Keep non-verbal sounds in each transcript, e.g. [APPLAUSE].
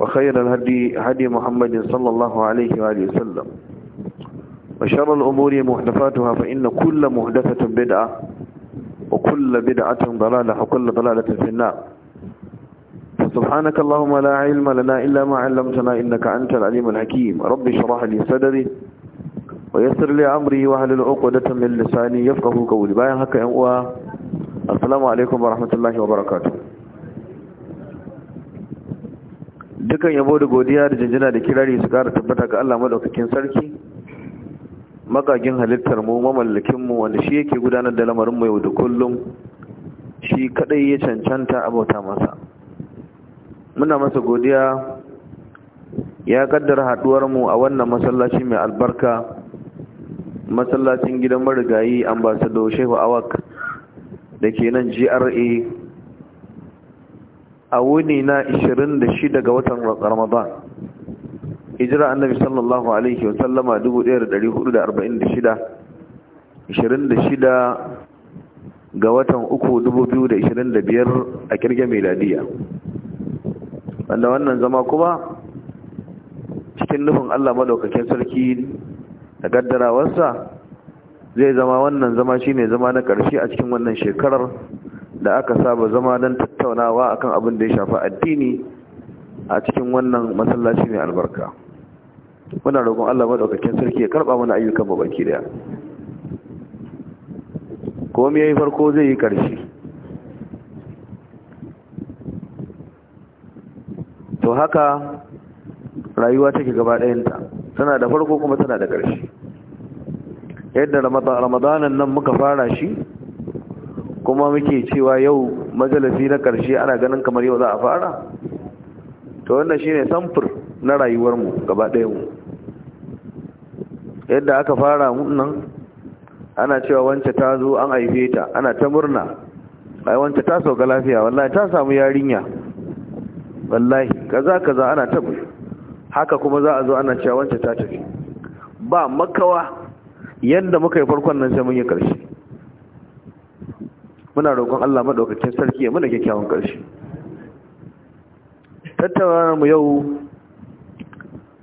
وخير الهدي هدي محمد صلى الله عليه وآله وسلم وشر الأمور محدثاتها فإن كل محدثة بدعة وكل بدعة ضلالة وكل ضلالة في النار سبحانك اللهم لا علم لنا إلا ما علمتنا إنك أنت العليم الحكيم رب اشرح لي صدري ويسر لي أمري وهل العقدة من لساني يفقه قولي باين هكا السلام عليكم ورحمة الله وبركاته dukan yabo da godiya da jinjina da kirari su kara tabbata ga Allah madaukakin sarki makagin halittar mu mamallakin mu wanda shi yake gudanar da lamarin mu yau da kullum shi kadai ya cancanta abota masa muna masa godiya ya kaddara haduwar mu a wannan masallaci mai albarka masallacin gidan marigayi ambassador Shehu Awak da ke nan GRA a wuni na 26 ga watan ramadan hijira annabi sallallahu alaihi wa sallama 1446 26 ga watan 3225 a kirge meladiya wanda wannan zama kuma cikin nufin Allah madaukakin sarki da gaddarawarsa zai zama wannan zama shine zama na ƙarshe a cikin wannan shekarar da aka saba zama don ta. tattaunawa akan abin da ya shafi addini a cikin wannan masallaci mai albarka muna roƙon Allah madaukakin sarki ya karba mana ayyukan mu baki daya ko me yayi farko zai yi ƙarshe to haka rayuwa take gaba ɗayanta tana da farko kuma tana da ƙarshe yadda ramadanan nan muka fara shi kuma muke cewa yau majalisi na ƙarshe ana ganin kamar yau za a fara to wannan shine samfur na rayuwarmu gaba mu yadda aka fara nan ana cewa wance ta zo an aife ta ana ta murna ai wance ta sauka lafiya wallahi ta samu yarinya wallahi kaza kaza ana ta haka kuma za a zo ana cewa wance ta tafi ba makawa yadda muka yi farkon nan sai mun yi ƙarshe muna roƙon Allah madaukakin sarki ya muna kyakkyawan ƙarshe Tattawar mu yau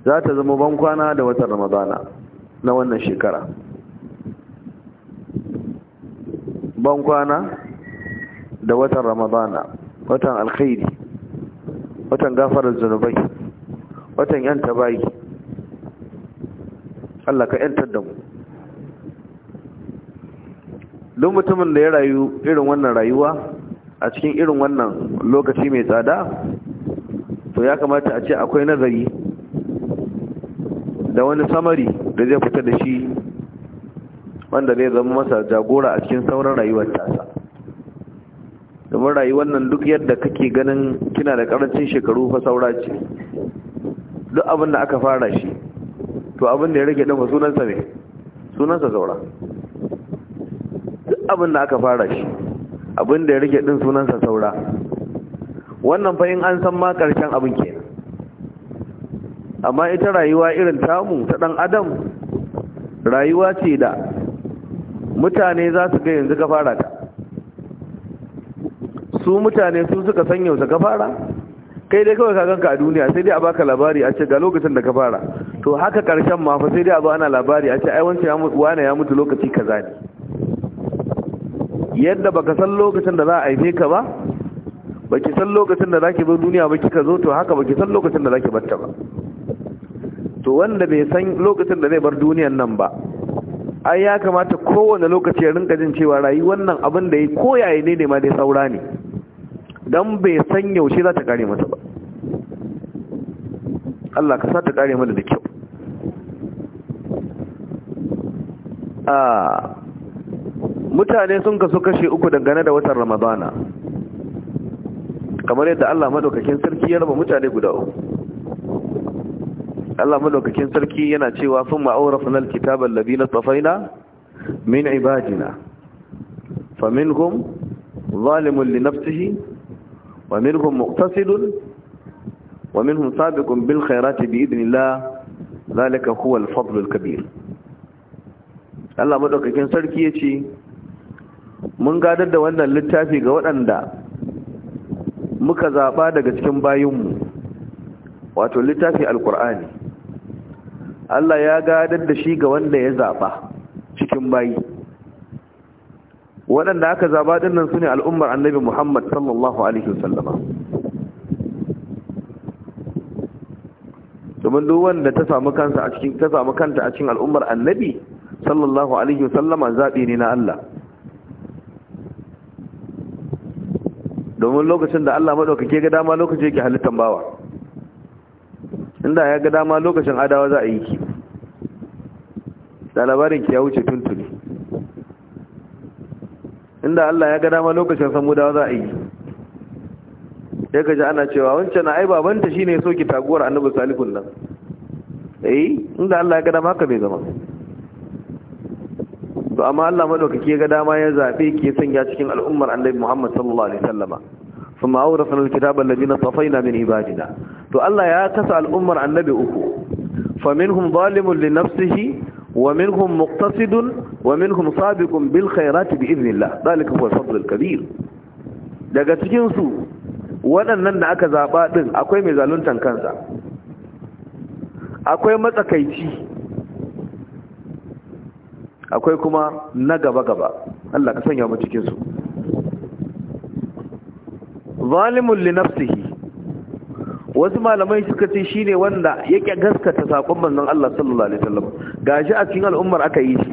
za ta zama bankwana da watan Ramadana na wannan shekara bankwana da watan Ramadana watan alkhairi watan gafarar zunubai watan yan tabayi Allah ka yantar da mu don mutumin da ya rayu irin wannan rayuwa a cikin irin wannan lokaci mai tsada to ya kamata a ce akwai nazari da wani samari da zai fita da shi wanda zai zama masa jagora a cikin sauran rayuwar tasa domin rayuwar nan duk yadda kake ganin kina da karancin shekaru fa saura ce duk abin da aka fara shi to abin da ya rage ɗan sunansa ne sunansa saura abin da aka fara shi abin da ya rike din sunansa saura wannan fa in an san ma karshen abin kenan amma ita rayuwa irin tamu ta dan adam rayuwa ce da mutane za su ga yanzu ka fara ta su mutane su suka san yau ka fara kai dai kawai ka ganka a duniya sai dai a baka labari a ce ga lokacin da ka fara to haka karshen ma fa sai dai a ba ana labari a ce ai wancan ya mutu wane ya mutu lokaci kaza ne yadda baka san lokacin da za a haife ka ba baki san lokacin da zaki bar duniya ba kika zo to haka baki san lokacin da zaki barta ba to wanda bai san lokacin da zai bar duniyan nan ba ai ya kamata kowanne lokaci ya rinka jin cewa rayuwar nan abin da ya koyaye ne ne ma dai saura ne dan bai san yaushe za ta kare masa ba Allah ka sa ta kare mana da kyau ah mutane sun kasu kashe uku dangane da watan ramadana kamar yadda Allah madaukakin sarki ya raba mutane guda uku Allah madaukakin sarki yana cewa sun ma'aurafna alkitabal ladina safaina min ibadina faminhum zalimun li nafsihi wa minhum muqtasidun wa minhum sabiqun bil khairati bi idnillah zalika huwa al-fadl al-kabir Allah madaukakin sarki yace mun gadar da wannan littafi ga waɗanda muka zaɓa daga cikin bayinmu wato littafi alkur'ani Allah ya gadar da shi ga wanda ya zaɓa cikin bayi waɗanda aka zaɓa ɗinnan su ne al'ummar annabi Muhammad sallallahu Alaihi wasallama domin duk da ta samu kanta a cikin al'ummar annabi sallallahu Alaihi wasallama zaɓi ne na Allah domin lokacin da Allah madaukake ga dama lokacin yake halittan bawa inda ya ga dama lokacin adawa za a yi ki da labarin ki ya wuce tuntuni inda Allah ya ga dama lokacin samudawa za a yi ya gaji ana cewa wancan na ai babanta shi ne soki taguwar annabu salifun nan eh inda Allah ya ga dama haka bai zama to amma Allah madaukake ga dama ya zabe ke sanya cikin al'ummar Annabi Muhammad sallallahu alaihi wasallama thumma awrasna alkitaba alladhina safaina min ibadina to Allah ya kasa al'ummar Annabi uku faminhum zalimun li nafsihi wa minhum muqtasidun wa minhum sabiqun bil khairati bi idhnillah dalika huwa al-fadl al-kabir daga cikin su waɗannan da aka zaba din akwai mai zaluntan kansa akwai matsakaici akwai kuma na gaba-gaba Allah ka sanya mu cikin su zalimun li nafsihi wasu malamai suka ce shine wanda yake gaskata sakon manzon Allah sallallahu alaihi wasallam gashi a cikin al'ummar aka yi shi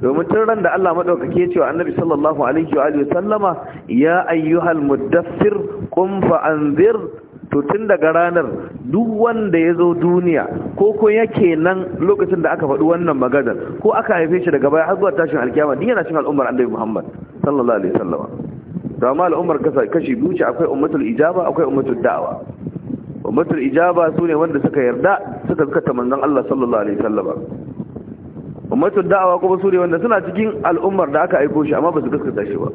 domin tun ran da Allah madaukake cewa annabi sallallahu alaihi wa alihi sallama ya ayyuhal mudaffir qum fa anzir to tun daga ranar duk wanda ya zo duniya ko ko yake nan lokacin da aka faɗi wannan magadar ko aka haife shi daga baya har zuwa tashin alkiyama din yana cikin al'ummar annabi Muhammad sallallahu alaihi wasallam to amma al'ummar kashi biyu ce akwai ummatul ijaba akwai ummatul da'wa ummatul ijaba sune wanda suka yarda suka ta manzon Allah sallallahu alaihi wasallam ummatul da'wa kuma su ne wanda suna cikin al'ummar da aka aiko shi amma ba su gaskata shi ba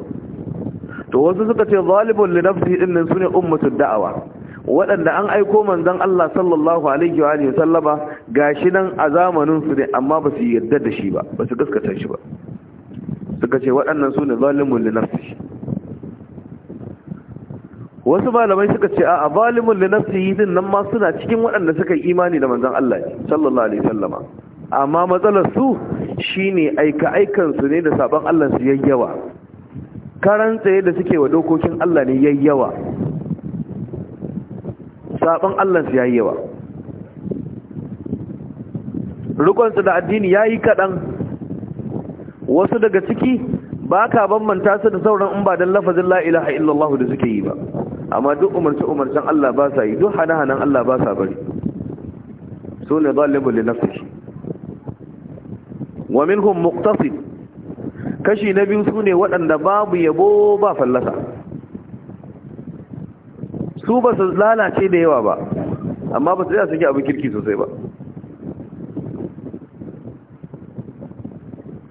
to wasu suka ce zalibul li nafsihi su ne ummatul da'wa waɗanda an aiko manzan Allah sallallahu alaihi wa alihi sallama gashi nan a zamanin su ne amma ba su yarda da shi ba ba su gaskata shi ba suka ce waɗannan su ne zalimun linafsi wasu malamai suka ce a zalimun linafsi yi din nan ma suna cikin waɗanda suka yi imani da manzan Allah sallallahu alaihi sallama amma matsalar su ne aika aikansu ne da sabon Allah su yayyawa karan tsaye da suke wa dokokin Allah ne yayyawa saban Allah ya yi yawa rukunsu da addini yayi kaɗan, wasu daga ciki ba ka bambanta su da sauran in ba dan lafazin la ilaha da suke yi ba amma duk umarci umarcin Allah ba sa yi duk hana-hanan Allah ba sa bari Su ne zalibu li nafsihi wa minhum muqtasid kashi na biyu sune waɗanda babu yabo ba fallasa su ba su lalace da yawa ba amma ba su yi suke abin kirki sosai ba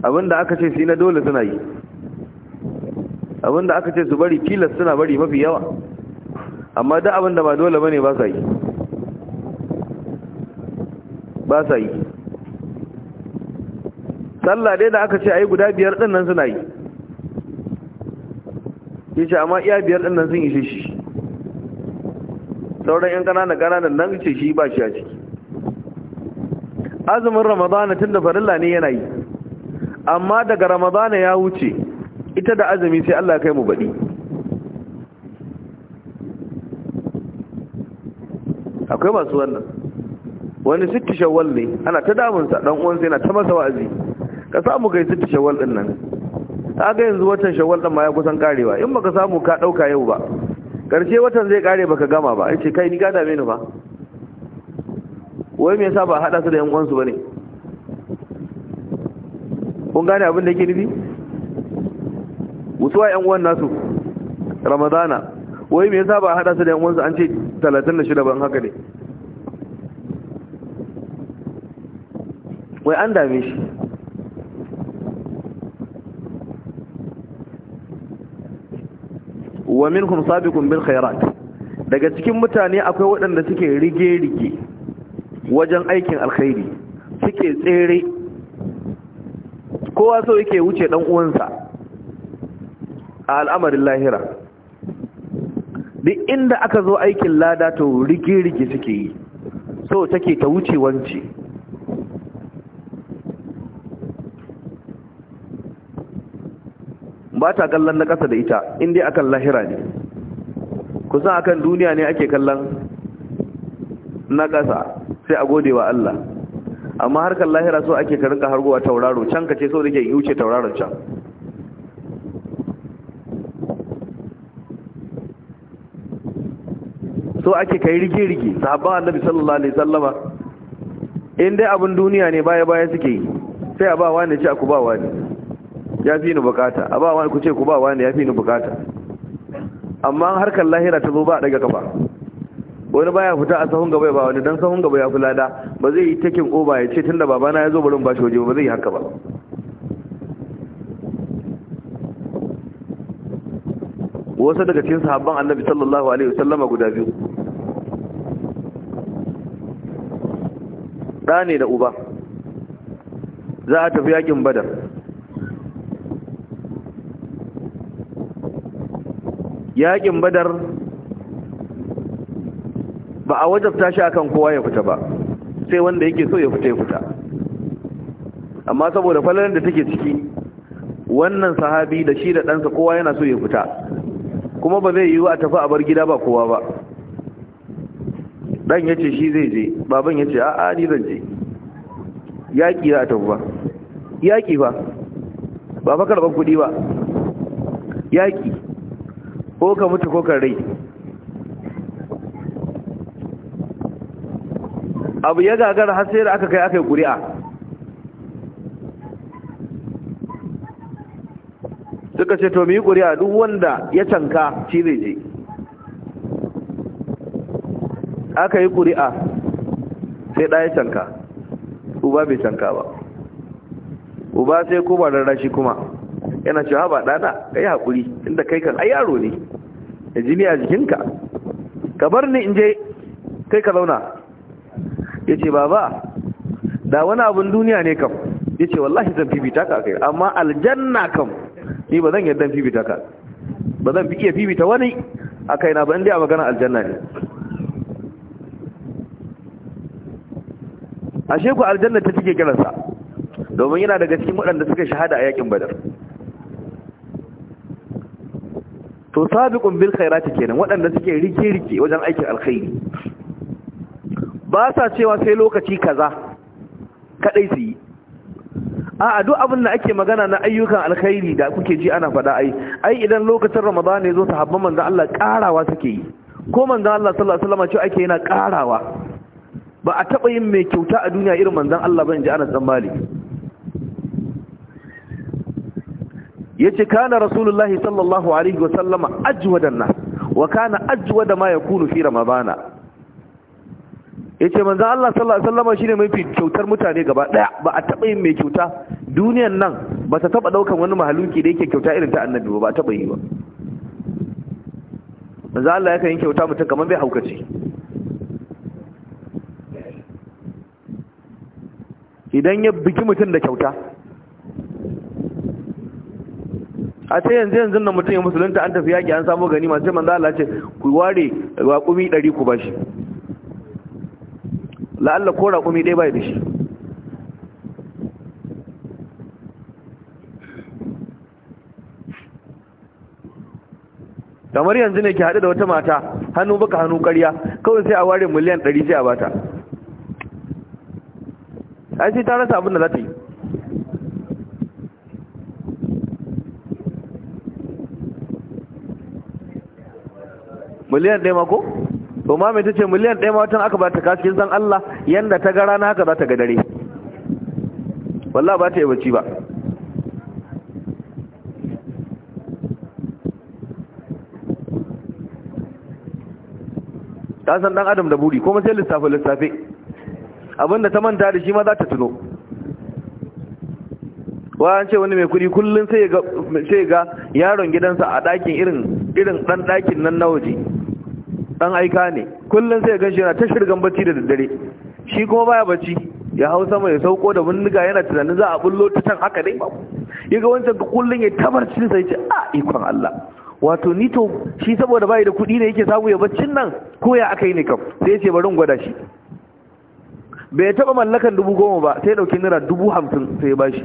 abinda aka ce su na dole suna yi abinda aka ce su bari kilas suna bari mafi yawa amma da abinda ba dole bane ba sa yi ba sa yi sallah dai da aka ce a yi guda biyar ɗin nan suna yi yace amma iya biyar ɗin nan sun ishe shi sauran yan ƙananan ƙananan nan ce shi ba shi a ciki azumin ramadana tun da farilla ne yana yi amma daga ramadana ya wuce ita da azumi sai Allah kai mu baɗi akwai masu wannan wani sitti shawwal ne ana ta damunsa ɗan uwansa yana ta masa wa'azi ka samu kai sitti shawwal ɗin nan ta ga yanzu watan shawwal ɗin ma ya kusan karewa in baka samu ka ɗauka yau ba karshe watan zai kare baka gama ba yace kai ni gada meni ba wai me yasa ba hada su da yan uwansu bane kun gane abin da yake nufi mutuwa yan uwan nasu ramadana wai me yasa ba hada su da yan uwansu an ce 36 ban haka ne wai an dame shi wa minhum sabiqun bil khairat daga cikin mutane akwai waɗanda suke rige-rige wajen aikin alkhairi suke tsere kowa so yake wuce dan uwansa a al'amarin lahira duk inda aka zo aikin lada to rige-rige suke yi so take ta wuce wance ba ta kallon na ƙasa da ita inda akan lahira ne kusan akan duniya ne ake kallon na ƙasa sai a gode wa Allah amma harkar lahira so ake ka rinka hargowa tauraro can ka ce so da ke wuce tauraron can so ake kai rige-rige sahabban annabi sallallahu alaihi sallama in dai abin duniya ne baya-baya suke yi sai a ba wani ce aku ba wani ya fi ni bukata a ba wani ku ce ku ba wani ya fi ni bukata amma harkar lahira ta zo ba daga kafa wani baya fita a sahun gaba ba wani dan sahun gaba ya fi lada ba zai yi takin oba ya ce tunda babana ya zo barin bashi waje ba zai yi haka ba wasu daga cikin sahabban annabi sallallahu alaihi wasallama guda biyu Da ne da uba za a tafi yakin badar yaƙin badar ba a wajabta shi akan kowa ya fita ba sai wanda yake so ya fita ya fita amma saboda falalar da take ciki wannan sahabi da shi da ɗansa kowa yana so ya fita kuma ba zai yiwu a tafi a bar gida ba kowa ba ɗan ya ce shi zai je baban ya ce a'a ni zan je yaƙi za a tafi ba yaƙi ba ba fa karɓar kuɗi ba yaƙi ko ka mutu ko ka rai abu ya gagara har sai da aka kai aka yi ƙuri'a suka ce to mu yi ƙuri'a duk wanda ya canka shi zai je aka yi ƙuri'a sai ɗaya canka uba bai canka ba uba sai kuma rarrashi kuma yana cewa ba dana ka yi haƙuri inda kai kan ai yaro ne da jini a jikinka ka bar ni in je kai ka zauna ya ce baba da wani abin duniya ne kam ya ce wallahi zan fifita ka kai amma aljanna kam ni ba zan yadda fifita ka ba zan iya fifita wani a kaina ba inda a magana aljanna ne ashe ku aljanna ta cike kiransa domin yana daga cikin waɗanda suka shahada a yakin badar to sabiqun bil khairati kenan waɗanda suke rike-rike wajen aikin alkhairi ba sa cewa sai lokaci kaza kadai su yi a duk abin da ake magana na ayyukan alkhairi da kuke ji ana faɗa ai ai idan lokacin ramadan ne zo habban manzon Allah karawa suke yi ko manzon Allah sallallahu alaihi wasallam ce ake yana karawa ba a taba yin mai kyauta a duniya irin manzon Allah ba inji ana dan yace kana rasulullahi sallallahu alaihi wa sallama ajwadan nas wa kana ajwada ma kunu fi ramadana yace manzo Allah sallallahu alaihi wa sallama shine mafi kyautar mutane gaba daya ba a taba yin mai kyauta duniyan nan ba ta taba daukan wani mahaluki da yake kyauta irin ta annabi ba ba taɓa yi ba manzo Allah yakan yin kyauta mutum kamar bai haukace idan ya bigi mutum da kyauta a ce yanzu yanzu na mutum ya musulunta an tafi yaƙi an samu gani masu manzo Allah ce ku ware raƙumi ɗari ku bashi la'alla ko raƙumi ɗaya bai da shi kamar yanzu ne ke haɗu da wata mata hannu baka hannu ƙarya kawai sai a ware miliyan ɗari sai a bata ai sai ta rasa abin da za ta yi miliyan ɗaya mako? to ma mai ce miliyan ɗaya ma aka ba ta kashin san Allah yadda ta ga rana haka za ta ga dare walla ba ta yi bacci ba ta san dan adam da buri kuma sai lissafe lissafe abinda ta manta da shi ma za ta tuno wa an ce wani mai kudi kullum sai ga yaron gidansa a ɗakin irin irin ɗan ɗakin nan na waje dan aika ne kullun sai ganshi yana ta shirgan bacci da daddare shi kuma baya bacci ya hau sama ya sauko da bindiga yana tunanin za a bullo ta can haka dai ba ya ga wancan kullum ya tabarci sai ce a ah, ikon Allah wato ni to shi saboda bai da kuɗi ne yake samu ya baccin nan ko ya aka yi ne kam sai ya ce bari gwada shi bai taba mallakan dubu goma ba sai dauki naira dubu hamsin sai ya bashi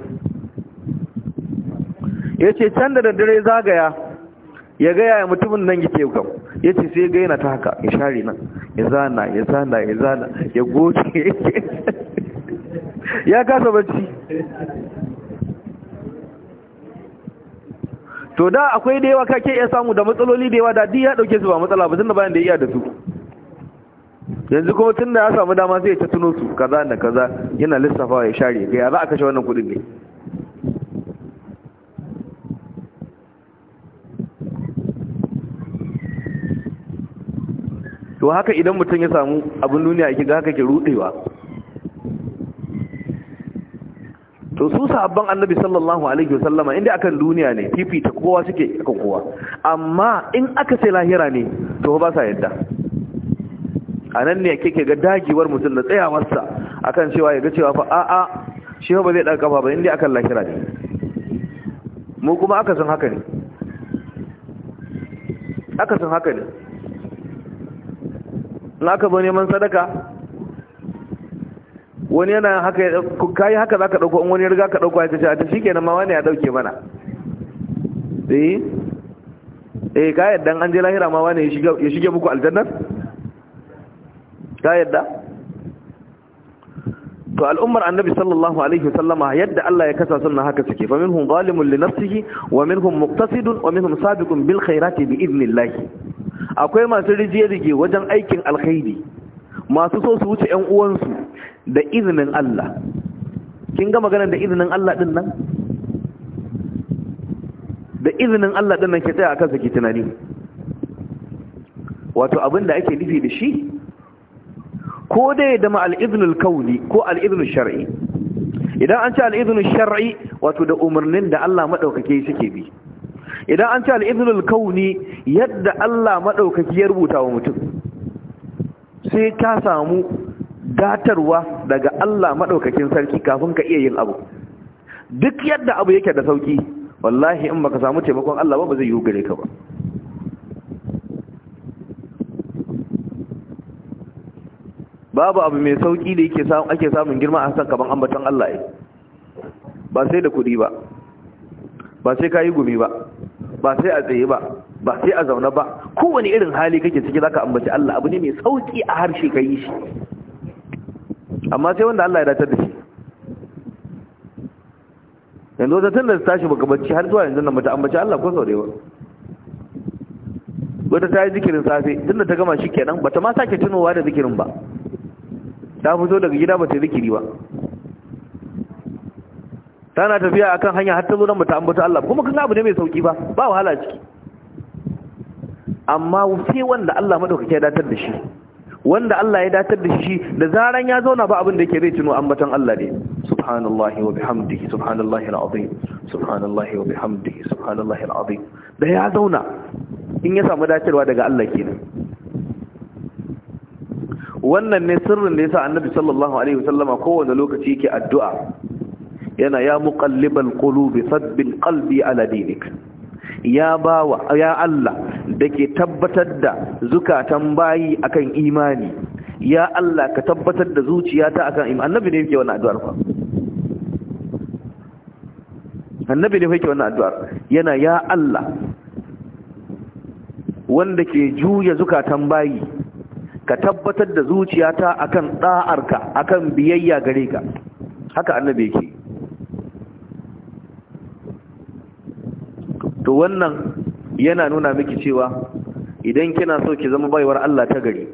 ya ce can da daddare zagaya ya gaya ya mutumin nan yake kam ya ce sai ga yana ta haka ya share nan ya zana ya zana ya zana ya goce ya kasa bacci to da akwai da yawa kake iya samu da matsaloli da yawa da di ya dauke su ba matsala ba tunda bayan da iya da su yanzu kuma tunda ya samu dama sai ya ta tuno su kaza da kaza yana lissafa ya share ga ya za a kashe wannan kudin ne to haka idan mutum ya samu abin duniya yake ga haka ke rudewa to su sahabban annabi sallallahu alaihi wasallama inda akan duniya ne fifita kowa suke akan kowa amma in aka sai lahira ne to ba sa yadda anan ne ke ga dagewar mutum da tsayawarsa akan cewa ya ga cewa fa a'a shi ba zai ɗaga ba inda akan lahira ne mu kuma aka san haka ne aka san haka ne na ka zo sadaka wani yana haka kayi haka ɗauko in wani riga ka a ta shi ma wani ya ɗauke mana eh eh lahira ma wani ya shige muku to al'ummar annabi sallallahu alaihi wasallama yadda Allah ya kasa sunna haka suke fa minhum zalimun li nafsihi wa minhum muqtasidun wa minhum sabiqun bil khairati bi idnillah akwai masu rige-rige wajen aikin alkhairi masu so su wuce 'yan uwansu da izinin Allah kin ga maganar da izinin Allah din nan da izinin Allah din nan ke tsaya a kansa ke tunani wato abin da ake nufi da shi ko dai dama ma al'izinul kauli ko al'izinul shar'i idan an ce al'izinul shar'i wato da umarnin da Allah maɗaukake suke bi idan an ce al'izinul kauni yadda Allah maɗaukaki ya rubuta wa mutum sai ka samu datarwa daga Allah maɗaukakin sarki kafin ka iya yin abu duk yadda abu yake da sauki wallahi in baka samu taimakon Allah ba ba zai yi gare ka ba babu abu mai sauki da yake samu ake samun girma a san kaban ambaton Allah ba sai da kuɗi ba ba sai ka yi gumi ba ba sai a tsaye ba ba sai a zaune ba kowane irin hali kake ciki zaka ambaci Allah abu ne mai sauki a harshe ka yi shi amma sai wanda Allah ya datar da shi yanzu wata tun da ta tashi baka bacci har zuwa yanzu nan mata ambaci Allah ko sau da yawa wata ta yi zikirin safe tun da ta gama shi kenan bata ma sake tunowa da zikirin ba ta fito daga gida ba ta zikiri ba tana tafiya akan hanya har ta zo nan ba ta ambata Allah kuma kan abu ne mai sauki ba ba wahala ciki amma sai wanda Allah madaukake ya datar da shi wanda Allah ya datar da shi da zaran ya zauna ba abin da yake zai tuno ambatan Allah ne subhanallahi wa bihamdihi subhanallahi alazim subhanallahi wa bihamdihi subhanallahi alazim da ya zauna in ya samu dacewa daga Allah kenan wannan ne sirrin da yasa annabi sallallahu alaihi wasallama kowanne lokaci yake addu'a yana ya muqallibal qulubi sabbil qalbi ala dinik ya bawa ya Allah dake tabbatar da zukatan bayi akan imani ya Allah ka tabbatar da zuciyata akan imani annabi ne yake wannan addu'ar fa annabi ne yake wannan addu'ar yana ya Allah wanda ke juya zukatan bayi ka tabbatar da zuciyata akan da'arka akan biyayya gare ka haka annabi yake to wannan yana nuna miki cewa idan kina so ki zama baiwar Allah ta gari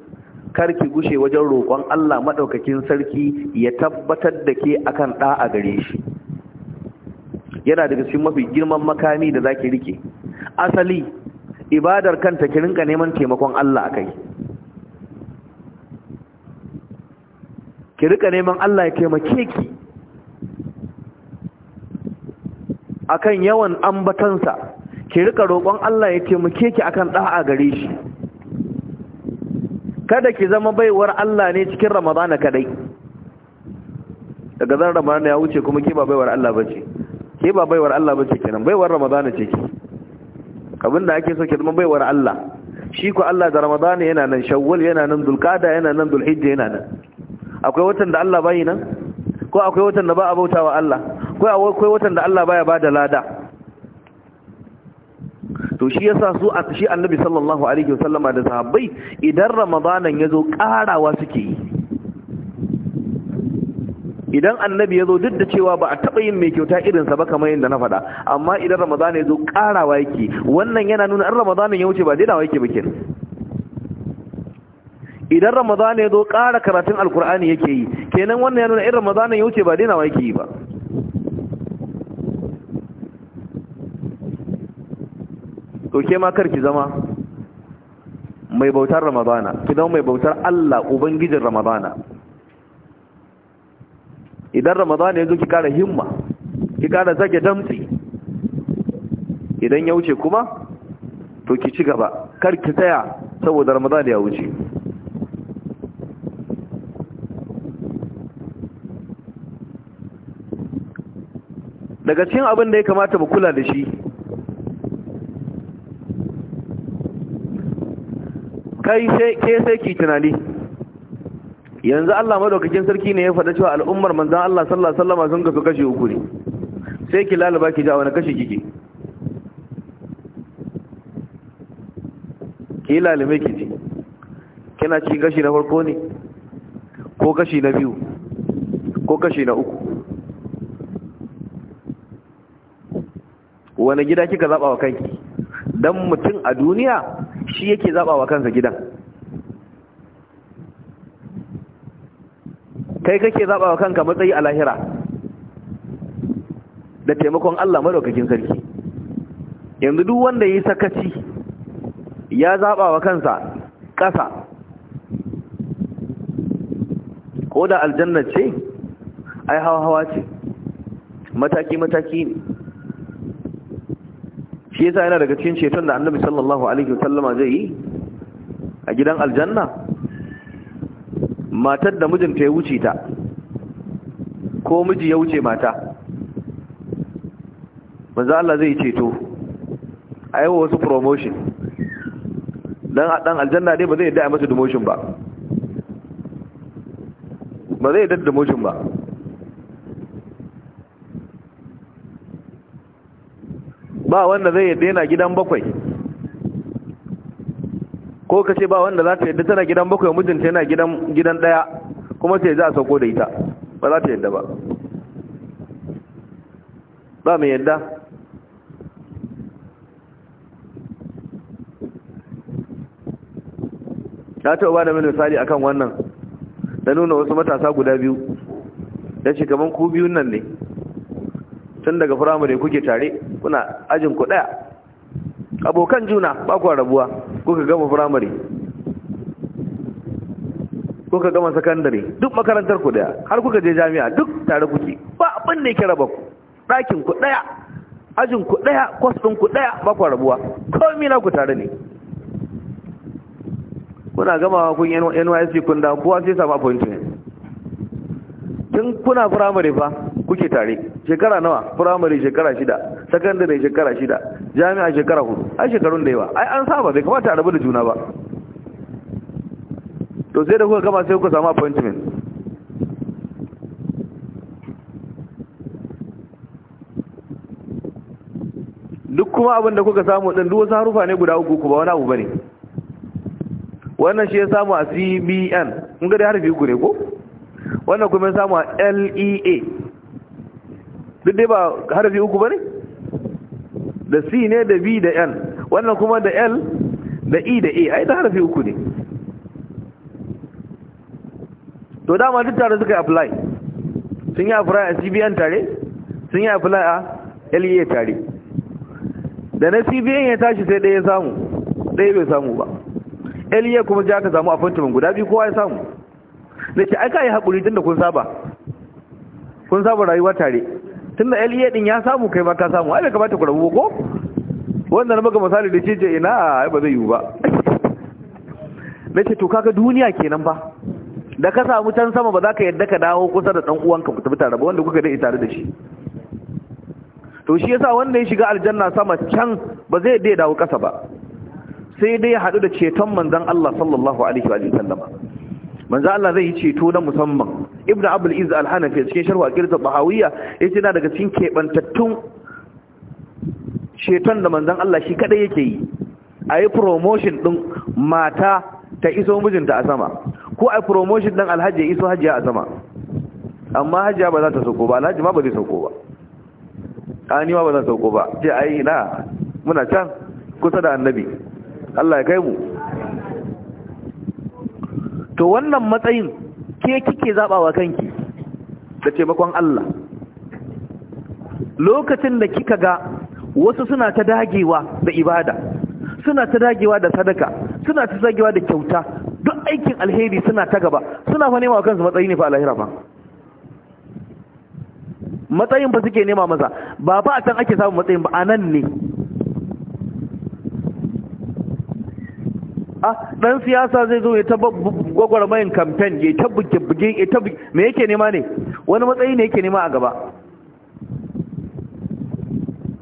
kar ki gushe wajen roƙon Allah madaukakin sarki ya tabbatar da ke akan ɗa a gare shi yana daga cikin mafi girman makami da zaki rike asali ibadar kanta ki rinka neman taimakon Allah akai ki rika neman Allah ya taimake ki akan yawan ambatansa ki rika roƙon Allah ya taimake ki akan da'a gare shi kada ki zama baiwar Allah ne cikin Ramadana kadai daga zan Ramadana ya wuce kuma ke ba baiwar Allah bace ke ba baiwar Allah bace kenan baiwar Ramadana ce ki abinda ake so ki zama baiwar Allah shi ko Allah da Ramadana yana nan Shawwal yana nan Dulqa'da yana nan Dulhijja yana nan akwai watan da Allah bai nan ko akwai watan da ba a bautawa Allah ko akwai watan da Allah baya bada lada to shi yasa su a shi annabi sallallahu alaihi wasallama da sahabbai idan ramadanan yazo karawa suke yi idan annabi yazo duk da cewa ba a taba yin mai kyauta irin sa ba kamar yadda na faɗa amma idan ramadana yazo karawa yake wannan yana nuna an ramadanan ya wuce ba dainawa yake bikin idan ramadana yazo ƙara karatun alkur'ani yake yi kenan wannan yana nuna in ramadanan ya wuce ba dainawa yake yi ba to ke ma karki zama mai bautar ramadana ki zama mai bautar Allah ubangijin ramadana idan ramadana ya zo ki kara himma ki kara zage damtsi idan ya wuce kuma to ki ci gaba kar ki tsaya saboda ramadana ya wuce daga cikin abin da ya kamata mu kula da shi kai sai ke sai ki tunani yanzu Allah madaukakin sarki ne ya faɗa cewa al'ummar manzon Allah sallallahu alaihi wasallam sun kasu kashi uku ne sai ki lalaba ki ji a wani kashi kike ki lalime ki ji kina ci kashi na farko ne ko kashi na biyu ko kashi na uku wani gida kika zaba wa kanki dan mutum a duniya shi yake zaɓa wa kansa gidan kai kake zaɓa wa kanka matsayi a lahira da taimakon Allah madaukakin sarki yanzu duk wanda yi sakaci ya zaɓa kansa ƙasa ko da aljanna ce ai hawa hawa ce mataki mataki ne shi yasa yana daga cikin ceton da annabi sallallahu alaihi wasallama zai yi a gidan aljanna matar da mijinta ya wuce ta ko miji ya wuce mata manzo Allah zai ceto a wasu promotion dan dan aljanna dai ba zai yadda a masa promotion ba ba zai yadda promotion ba ba wanda zai yadda yana gidan bakwai ko ka ce ba wanda za ta yadda tana gidan bakwai mijinta yana gidan daya kuma sai za a sauko da ita ba za ta yadda ba ba mai yadda ta ce ba da mini misali akan wannan da nuna wasu matasa guda biyu ya ce shekaman ku biyun nan ne tun daga firamare kuke tare kuna ajin ku daya abokan juna ba ku rabuwa kuka gama primary kuka gama secondary duk makarantar ku daya har kuka je jami'a duk tare kuke ba abin da yake raba ku ɗakin ku daya ajin ku daya kwas din ku daya ba ku rabuwa komai na ku tare ne kuna gama kun NYC kun da kowa sai samu appointment tun kuna primary fa kuke tare shekara nawa primary shekara shida sakandare shekara shida jami'a shekara hudu a shekarun da yawa ai an saba bai kamata a rabu da juna ba to sai da kuka gama sai kuka samu appointment duk kuma abin da kuka samu ɗin duk wasu harufa ne guda uku ku ba wani abu ba ne wannan shi ya samu a cbn in ga harfi uku ne ko wannan kuma ya samu a lea duk dai ba harfi uku ba ne da c ne da b da l wannan kuma da l da e da a ai da harafi uku ne to dama duk tare suka apply sun yi apply a cbn tare sun yi apply a lea tare da na cbn ya tashi sai ɗaya samu ɗaya bai samu ba lea kuma ji aka samu a appointment guda biyu kowa ya samu da ke aka yi haƙuri tun da kun saba kun saba rayuwa tare tunda LEA din ya samu kai ma ka samu ai bai kamata ku rabu ko wannan na maka misali da ce ina ai ba zai yiwu ba nace to kaga duniya kenan ba da ka samu can sama ba za ka yadda ka dawo kusa da ɗan uwanka ku tafi tare ba wanda kuka dai tare da shi to shi yasa wanda ya shiga aljanna sama can ba zai dai dawo kasa ba sai dai ya hadu da ceton manzon Allah sallallahu alaihi wa sallama manzo Allah zai yi ceto na musamman ibn abul iz al-hanafi cikin sharh aqidatu bahawiyya yace na daga cikin kebantattun ceton da manzo Allah shi kada yake yi ayi promotion din mata ta iso mijinta a sama ko ayi promotion din alhaji ya iso hajiya a sama amma hajiya ba za ta sauko ba alhaji ma ba zai sauko ba ani ma ba za ta sauko ba ce ayi ina muna can kusa da annabi Allah ya kai mu to wannan matsayin ke kike zabawa kanki da taimakon Allah lokacin da kika ga wasu suna ta dagewa da ibada suna ta dagewa da sadaka suna ta dagewa da kyauta duk aikin alheri suna ta gaba suna fa nema kansu matsayi ne fa alahira fa matsayin ba suke nema maza ba ba a can ake samun matsayin ba a nan ne a ah, ɗan siyasa zai zo ya ta gwagwarmayin kamfen ya ta buge ya ta mai yake nema ne wani matsayi ne yake nema a gaba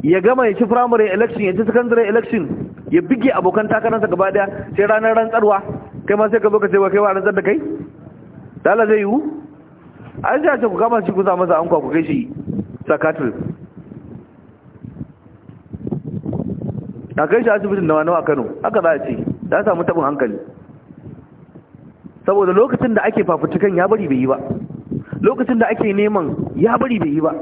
ya gama ya ci primary election ya ci secondary election ya bugi abokan takararsa gaba daya sai ranar rantsarwa kai ma sai ka zo ka ce wa kai wa rantsar da kai dala zai yiwu an sai a ce ku kama shi kusa masa kwa ku kai shi sakatul a kai shi asibitin da wani a kano aka za a ce a samu tabin hankali saboda lokacin da ake fafutukan ya bari bai yi ba lokacin da ake neman ya bari bai yi ba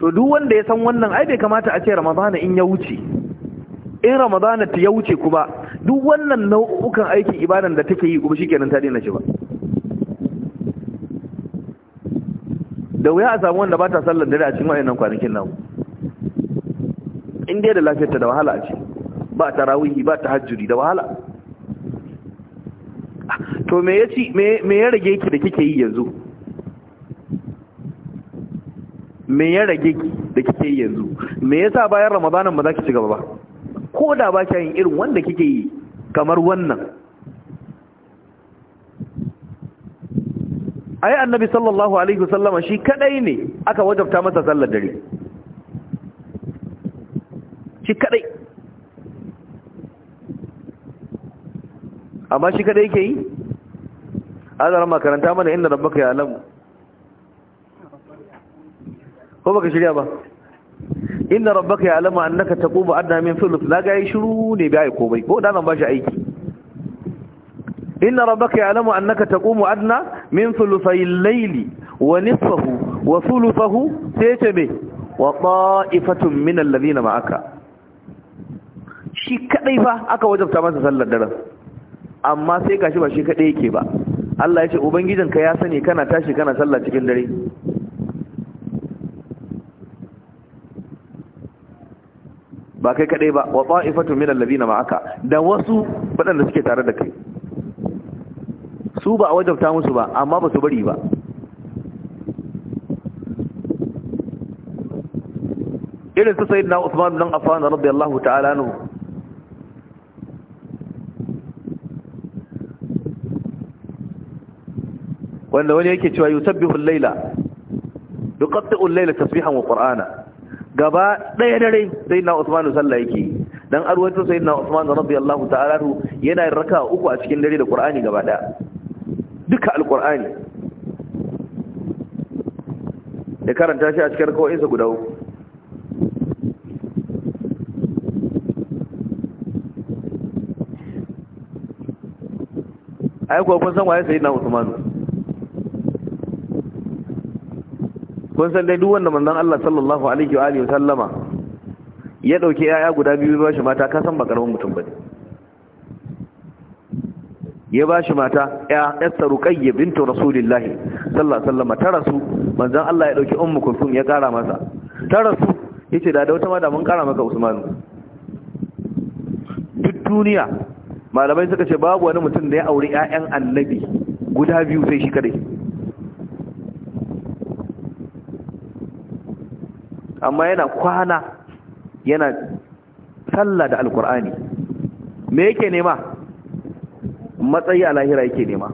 to duk wanda ya san wannan ai bai kamata a ce ramadana in ya wuce in ramadana ta ya wuce kuma duk wannan nau'ukan aikin ibadan da take yi kuma shikenan ta daina shi ba da wuya a samu wanda ba ta sallar dare a cikin wayannan kwanakin nan, in dai da lafiyarta da wahala a ce ba tarawihi ba tahajjudi da wahala to me ya ci me ya rage ki da kike yi yanzu me ya rage ki da kike yi yanzu me yasa bayan ramadanin ba za ki ci gaba ba ko da ba ki yin irin wanda kike yi kamar wannan ai annabi sallallahu alaihi wasallama shi kadai ne aka wajabta masa sallar dare shi kadai amma shi kadai yake yi azar makaranta mana inda rabbaka ya alamu ko baka shirya ba inda rabbaka ya alamu annaka taqumu adna min thuluth la ga yi shiru ne bai komai ko da nan ba shi aiki inna rabbaka ya alamu annaka taqumu adna min thuluthay al-layli wa nisfahu wa thuluthahu sai ce me wa ta'ifatun min alladhina ma'aka shi kadai fa aka wajabta masa sallar daren amma sai kashi ba shi kaɗai yake ba Allah ya ce ubangijinka ya sani kana tashi kana sallah cikin dare ba kai kaɗai ba wa ta'ifatu min allazina ma'aka da wasu waɗanda suke tare da kai su ba a wajabta musu ba amma ba su bari ba irin su sayyidina Usman bin Affan radiyallahu ta'ala anhu wanda wani yake cewa yusabbihu al-laila yuqatti'u al-laila tasbihan wa qur'ana gaba daya dare sayyidina Usman sallah yake dan arwato sayyidina Usman radiyallahu ta'ala yana yin uku a cikin dare da Qur'ani gaba daya duka al-Qur'ani da karanta shi a cikin raka'o'insa guda uku ai ko kun san waye sayyidina Usman kun san dai duk wanda manzon Allah sallallahu alaihi wa alihi sallama ya dauke yaya guda biyu ba shi mata ka san ba karamin mutum bane ya ba shi mata ya yasta qayy bintu rasulillahi sallallahu alaihi wasallama ta rasu manzon Allah ya dauki ummu kulsum ya kara masa ta rasu yace da da wata ma da mun kara maka usmanu duk duniya malamai suka ce babu wani mutum da ya auri ƴaƴan annabi guda biyu sai shi kadai amma yana kwana yana sallah da alkur'ani me yake nema matsayi a lahira yake nema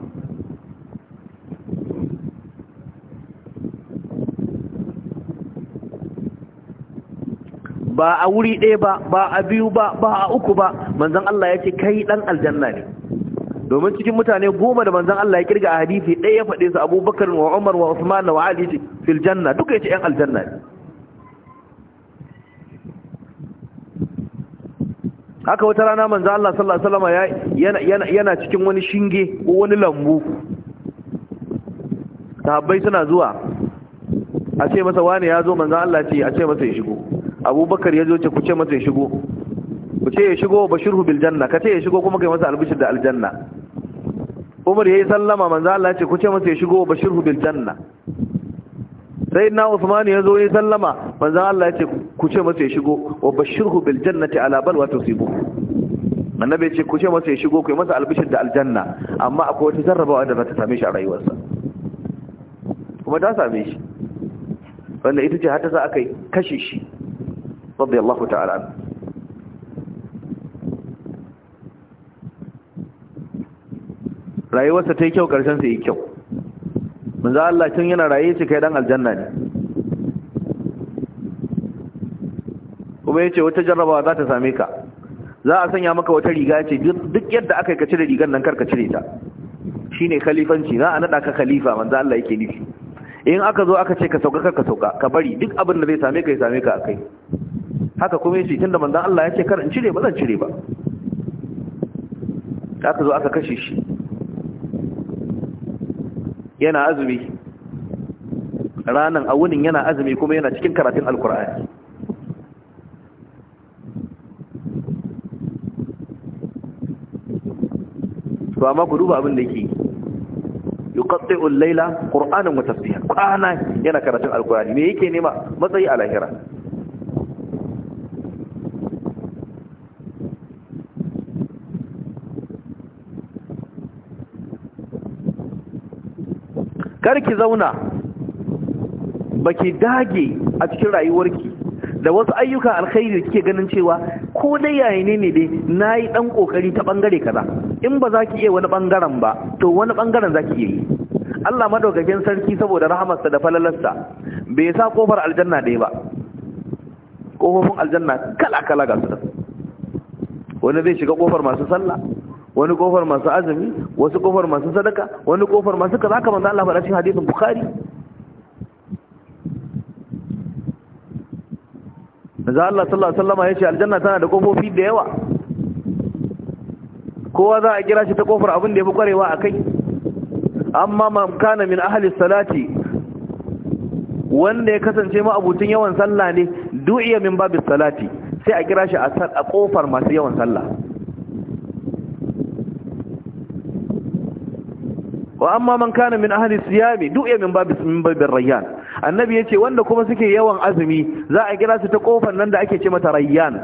ba a wuri ɗaya ba ba a biyu ba ba a uku ba manzan Allah ya ce kai ɗan aljanna ne domin cikin mutane goma da manzan Allah ya kirga a hadisi ɗaya ya faɗe su abubakar wa umar wa usman wa ali fil janna duka ya ce ‘yan aljanna ne haka wata rana manzo Allah sallallahu alaihi wasallam yana cikin wani shinge ko wani lambu sahabbai suna zuwa a ce masa wani ya zo manzo Allah ce a ce masa ya shigo abubakar ya zo ce ku ce masa ya shigo ku ce ya shigo bashirhu bil janna ka ce ya shigo kuma kai masa albishir da aljanna Umar yayi sallama manzo Allah ce ku ce masa ya shigo bashirhu bil janna sai na Usman ya zo ya sallama manzo Allah ya ce ku ce masa ya shigo wa bashirhu bil jannati ala wa tusibu annabi ya ce ku ce masa ya shigo ku yi masa albishir da aljanna amma akwai wata jarrabawa da za ta same shi a rayuwarsa kuma ta same shi wanda ita ce hata za aka kashe shi radiyallahu ta'ala rayuwarsa ta yi kyau karshen sa yi kyau manzo Allah tun yana raye shi kai dan aljanna ne kuma yace wata jarrabawa za ta same ka za a sanya maka wata riga ce duk yadda aka yi ka cire rigar nan karka cire ta shine khalifanci za a nada ka khalifa manza Allah yake nufi in aka zo aka ce ka sauka karka sauka ka bari duk abin da zai same ka ya same ka akai haka kuma yace tunda manza Allah ya ce kar in cire ba zan cire ba aka zo aka kashe shi yana azumi ranan a wunin yana azumi kuma yana cikin karatun alkur'ani to amma ku duba abin da yake yuqatti'u al-layla qur'anan wa tasbihan yana karatun alqur'ani me yake nema matsayi a lahira karki zauna baki dage a cikin rayuwarki da wasu ayyukan alkhairi kike ganin cewa ko dai yayi ne ne dai nayi dan kokari ta bangare kaza in ba za ki iya wani bangaren ba to wani bangaren za ki iya yi Allah madaukakin sarki saboda rahamarsa da falalarsa bai sa kofar aljanna ɗaya ba kofofin aljanna kala kala ga su wani zai shiga kofar masu sallah wani kofar masu azumi wasu kofar masu sadaka wani kofar masu kaza kamar da Allah faɗa cikin hadisin bukhari manzo Allah sallallahu alaihi wasallam yace aljanna tana da kofofi da yawa kowa za a kira shi ta kofar abin da yafi kwarewa akai amma man kana min ahli salati wanda ya kasance ma abutin yawan sallah ne du'iya min babis salati sai a kira shi a kofar masu yawan sallah wa amma man kana min ahli siyami du'iya min babis min babir rayyan annabi ya ce wanda kuma suke yawan azumi za a gina su ta kofar nan da ake ce mata rayyan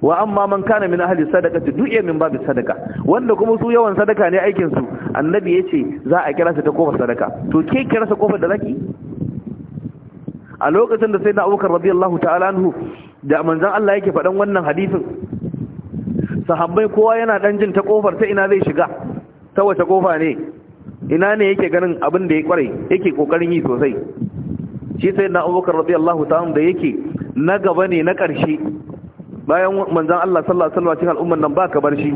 wa amma man kana min ahli sadaqati du'a min babu sadaka wanda kuma su yawan sadaka ne aikin su annabi ce za a gina su ta kofar sadaka to ke kira su kofar da zaki a lokacin da sayyidina Abubakar radiyallahu ta'ala anhu da manzon Allah yake fadan wannan hadisin sahabbai kowa yana dan jin ta kofar ta ina zai shiga ta wace kofa ne ina ne yake ganin abin da ya kware yake kokarin yi sosai shi sai na abubakar radiyallahu ta'ala da yake na gaba ne na ƙarshe bayan manzan Allah sallallahu alaihi cikin al'umman nan ba ka bar shi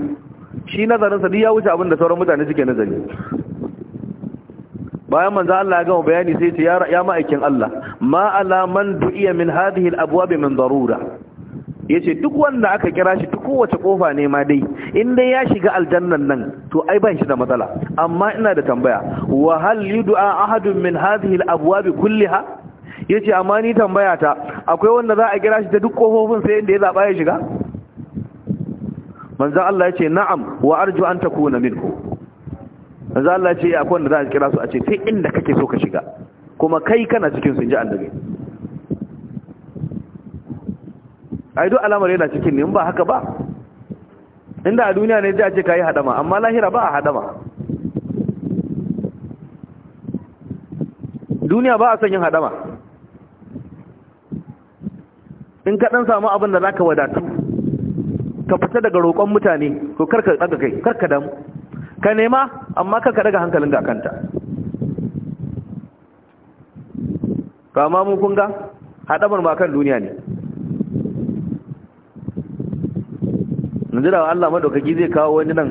shi nazarin sa ya wuce abin da sauran mutane suke nazari bayan manzan Allah ya gama bayani sai ce ya ma'aikin Allah ma ala man du'iya min hadhihi al-abwab min darura yace duk wanda aka kira shi duk kowace kofa ne ma dai in dai ya shiga aljannan nan to ai ban shi da matsala amma ina da tambaya wa hal yud'a ahadun min hadhihi al-abwab kullaha ya ce amma ni tambaya ta akwai wanda za a gira shi ta duk ƙofofin sai yadda ya zaɓa ya shiga manzan Allah ya ce na'am wa arju an takuna minku manzan Allah ya ce akwai wanda za a kira su a ce sai inda kake so ka shiga kuma kai kana cikin sun ji a yi duk alamar yana cikin ne ba haka ba inda a duniya ne a ce ka yi hadama amma lahira ba a hadama duniya ba a son yin hadama in ka ɗan samu abin da ka wadatu ka fita daga roƙon mutane ko karka ɗaga kai karka damu ka nema amma karka ɗaga hankalin ga kanta kama mu kunga haɗabar ma kan duniya ne wa Allah maɗaukaki zai kawo wani nan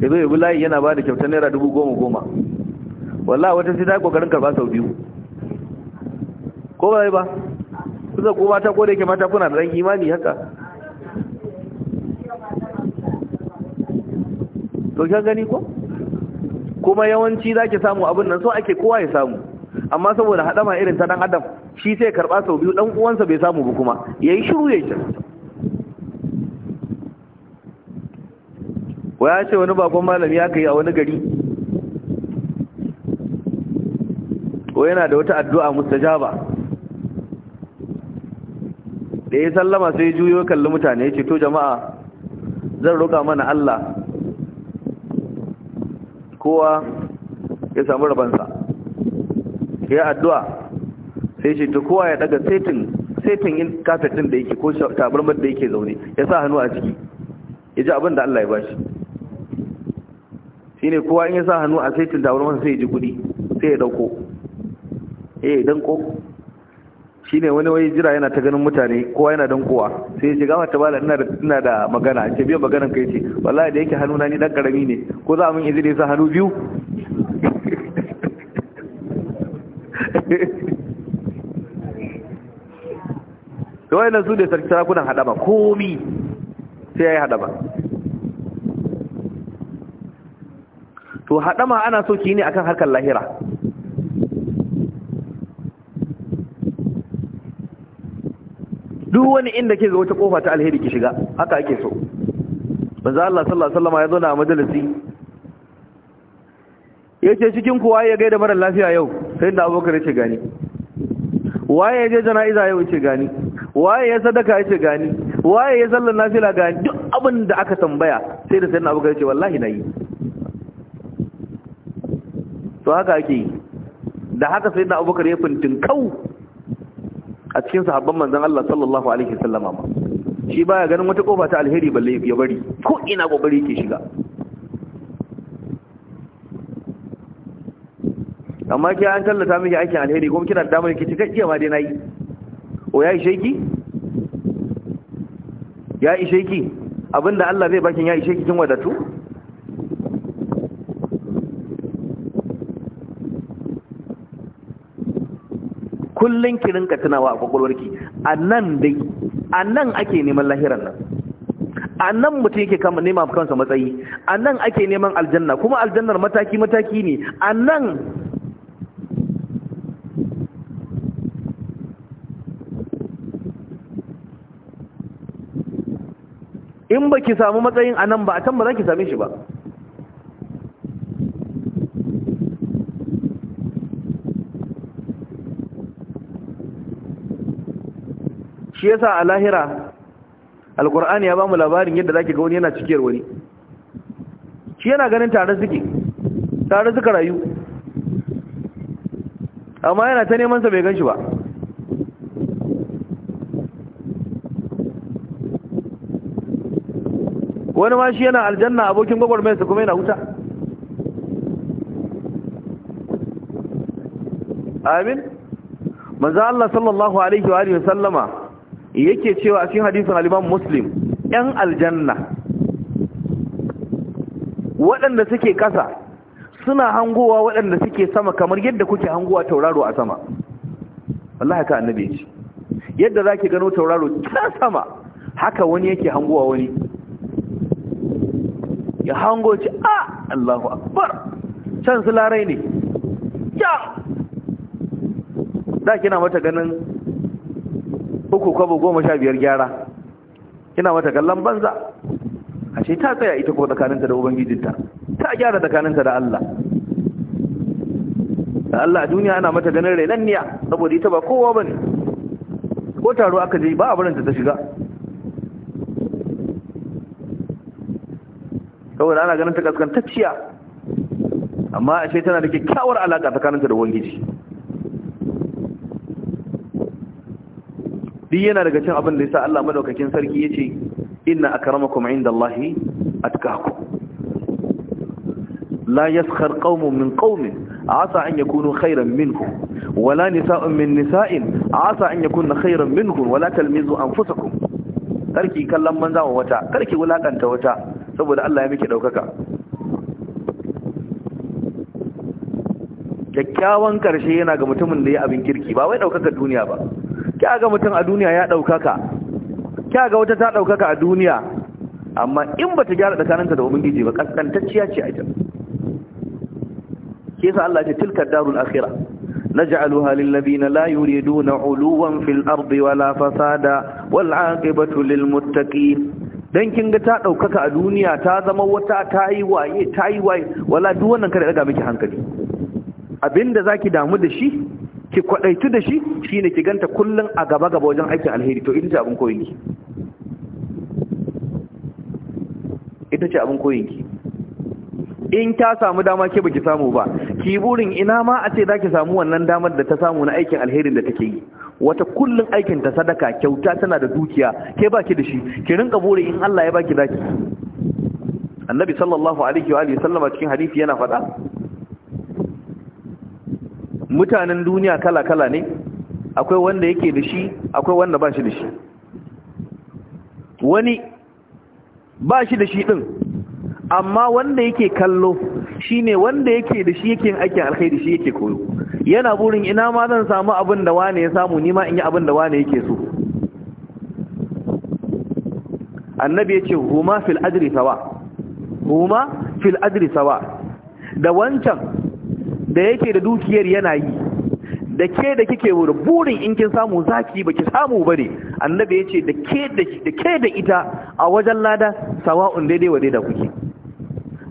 ya zo yabi layi yana ba da kyautar naira dubu goma goma wallah wata sai ta yi ƙoƙarin karɓa sau biyu ko ba ba kusa ko mata ko da yake mata kuna da ran imani haka to ka gani ko kuma yawanci zaki samu abin nan so ake kowa ya samu amma saboda haɗama irin ta dan adam shi sai karɓa sau biyu ɗan uwansa bai samu ba kuma ya yi shiru yayi ta waya ce wani bakon malami ya kai a wani gari ko yana da wata addu'a mustajaba da ya sallama sai juyo kalli mutane ya ce to jama'a zan roƙa mana Allah kowa ya samu rabansa ya addu'a sai ce to kowa ya daga setin setin in kafetin da yake ko tabarmar da yake zaune ya sa hannu a ciki ya ji abin da Allah ya bashi shi ne kowa in ya sa hannu a setin tabarmar sai ya ji kudi sai ya dauko eh dan ko shine wani wai jira yana ta ganin mutane kowa yana dan kowa sai ya ce ta bala ina da ina da magana ce biyo maganar kai ce wallahi da yake hannu na ni dan karami ne ko za mun izini sa hannu biyu da [LAUGHS] wayannan su sarki sarakunan hadaba komi sai ya yi hadaba to hadama ana so ki ne akan harkar lahira duk wani inda ke ga wata kofa ta alheri ki shiga haka ake so manzo Allah sallallahu alaihi wasallam ya zo na majalisi yace cikin kuwa waye ya gaida mara lafiya yau sai da abokar yace gani waye ya je janaiza yau yace gani waye ya sadaka yace gani waye ya sallar nafila gani duk abin da aka tambaya sai da sayyidina abokar yace wallahi nayi to haka ake yi da haka sai da abokar ya fintin kau a cikin sahabban manzon Allah sallallahu alaihi wasallama ma shi baya ganin wata kofa ta alheri balle ya bari ko ina kokari ke shiga amma ke an tallata miki aikin alheri kuma kina da damar ki ci gaskiya ma dai nayi o ya sheki yayi ya abinda Allah zai baki ya sheki kin wadatu kullum ki rinka tunawa a kwakwalwarki a nan dai a nan ake neman lahiran nan a nan mutum yake kama nema kansa matsayi a nan ake neman aljanna kuma aljannar mataki-mataki ne a nan in ba ki samu matsayin a nan ba a can ba za ki same shi ba shi yasa a lahira alkur'ani ya ba mu labarin yadda zaki ga wani yana cikiyar wani shi yana ganin tare suke tare suka rayu amma yana ta neman sa bai gan shi ba wani ma shi yana aljanna abokin mai su kuma yana wuta amin manzo Allah sallallahu alaihi wa sallama yake cewa a cikin hadisin al-Imam Muslim ɗan aljanna waɗanda suke ƙasa suna hangowa waɗanda suke sama kamar yadda kuke hangowa tauraro a sama wallahi ka annabi ce yadda zaki gano tauraro ta sama haka wani yake hangowa wani ya hango ci a ah, Allahu akbar can su larai ne ya da kina mata ganin uku kwabo goma sha biyar gyara ina mata kallon banza ashe ta tsaya ita ko tsakaninta da ubangijinta ta gyara tsakaninta da Allah da Allah a duniya ana mata ganin railanniya saboda ita ba kowa ba ne. ko taro aka je ba a barinta ta shiga saboda ana ganin ta kaskantacciya amma ashe tana da kyakkyawar alaka tsakaninta da ubangiji duk yana daga cin abin da yasa Allah madaukakin sarki yace inna akramakum indallahi atqakum la yaskhar qaumun min qaumin asa an yakunu khairan minku, wala nisa'un min nisa'in asa an yakunna khairan minku wala talmizu anfusakum karki kallon manza wa wata karki wulakanta wata saboda Allah ya miki daukaka kyakkyawan karshe yana ga mutumin da ya abin kirki ba wai daukaka duniya ba kya ga mutum a duniya ya ɗaukaka kya ga wata ta ɗaukaka a duniya amma in ba ta gyara tsakaninta da ubangiji ba kaskantacciya ce a ita ke sa Allah ce tilkar darul akhira naj'aluha lil ladina la yuriduna uluwan fil ardi wala fasada wal aqibatu lil muttaqin dan kin ga ta ɗaukaka a duniya ta zama wata tayi waye tayi waye wala duk wannan kada daga miki hankali abinda zaki damu da shi ki kwadaitu da shi shi ne ki ganta kullum a gaba gaba wajen aikin alheri to ita ce abin koyin ki ita ce abin koyin ki in ta samu dama ke baki samu ba ki burin ina ma a ce za ki samu wannan damar da ta samu na aikin alherin da take yi wata kullum aikin ta sadaka kyauta tana da dukiya ke baki da shi ki rinka burin in Allah ya baki zaki annabi sallallahu alaihi wa sallama cikin hadisi yana faɗa mutanen duniya kala-kala ne akwai wanda yake da shi akwai wanda ba shi da shi wani ba shi da shi ɗin amma wanda yake kallo shi ne wanda yake da shi yake aikin alkhairi shi yake koyo yana burin ina ma zan samu abin da wane ya samu nima in yi abin da wane yake so annabi ya ce huma fil ajri sawa huma fil ajri sawa da wancan da yake da dukiyar yana yi da ke da kike wuri burin in kin samu zaki ba ki samu ne annabi yace da ke da ke da ita a wajen lada sawa'un daidai wa daida kuke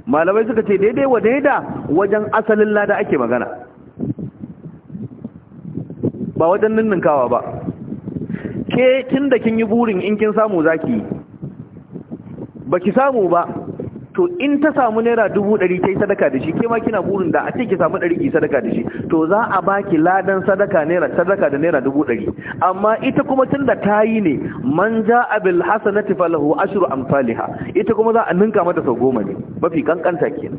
malamai suka ce daidai wa daida wajen asalin lada ake magana ba wajen ninninkawa ba ke kin da kin yi burin in kin samu zaki ba ki samu ba to in ta samu naira dubu ɗari ta yi sadaka da shi ke ma kina burin da a ce ki samu ɗari ki sadaka da shi to za a baki ladan sadaka naira sadaka da naira dubu ɗari amma ita kuma tun da ta yi ne man ja abil tifa lahu ashiru amfaliha ita kuma za a ninka mata sau goma ne mafi kankanta ke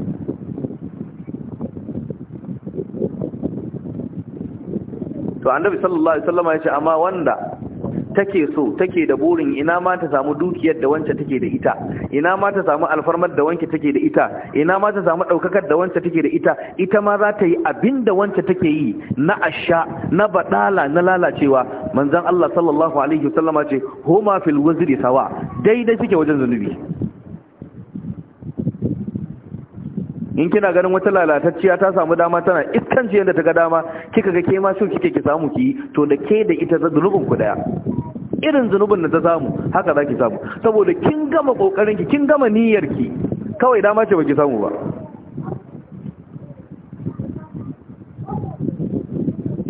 to annabi sallallahu alaihi wasallam ya ce amma wanda take so take da burin ina ma ta samu dukiyar da wancan take da ita ina ma ta samu alfarmar da wanke take da ita ina ma ta samu daukakar da wancan take da ita ita ma za ta yi abin da wancan take yi na asha na badala na lalacewa manzon Allah sallallahu alaihi wasallama ce huma fil wazri sawa daidai suke wajen zunubi in kina ganin wata lalatacciya ta samu dama tana iskanci yadda ta ga dama kika ga ke ma so kike ki samu ki to da ke da ita zadulubin ku daya irin zunubin da ta samu haka za ki samu saboda kin gama ki kin gama niyyar ki kawai dama ce ba ki samu ba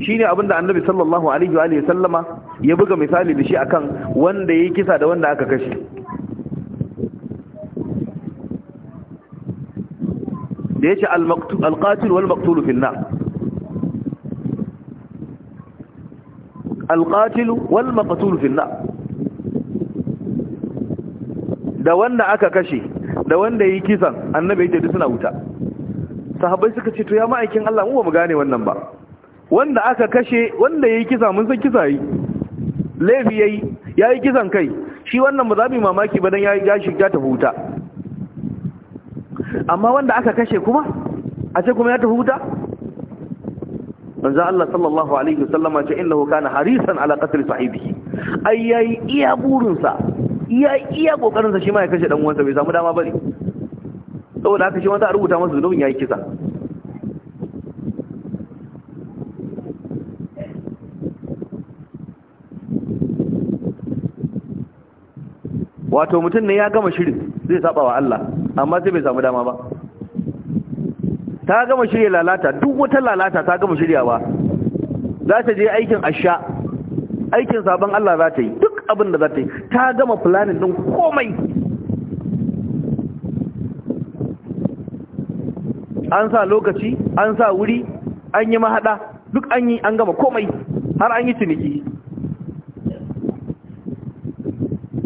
shi ne abinda annabi sallallahu alaihi wa sallama ya buga misali da shi akan wanda ya yi kisa da wanda aka kashe da ya ce alƙatil wal maktulu fil alqatilu wal maqtul fil da wanda aka kashe da wanda yi kisan annabi yake duk suna wuta sahabbai suka ce to ya ma'aikin Allah mu ba mu gane wannan ba wanda aka kashe wanda yi kisa mun san kisa yi laifi yayi yayi kisan kai shi wannan ba za mu mamaki ba dan yayi gashi ta tafi wuta amma wanda aka kashe kuma a ce kuma ya tafi wuta manzo Allah sallallahu alaihi wasallam ce innahu kana harisan ala qatl sahibihi ai yayi iya burinsa iya iya kokarin sa shi ma ya kashe dan uwansa bai samu dama bane saboda haka shi wanda a rubuta masa zunubin yayi kisa wato mutum ne ya gama shirin zai saba wa Allah amma sai bai samu dama ba ta gama shirya lalata duk wata lalata ta gama shiryawa za ta je aikin asha aikin sabon Allah za ta yi duk abin da za ta yi ta gama planin din komai an sa lokaci an sa wuri an yi mahada duk an yi an gama komai har an yi ciniki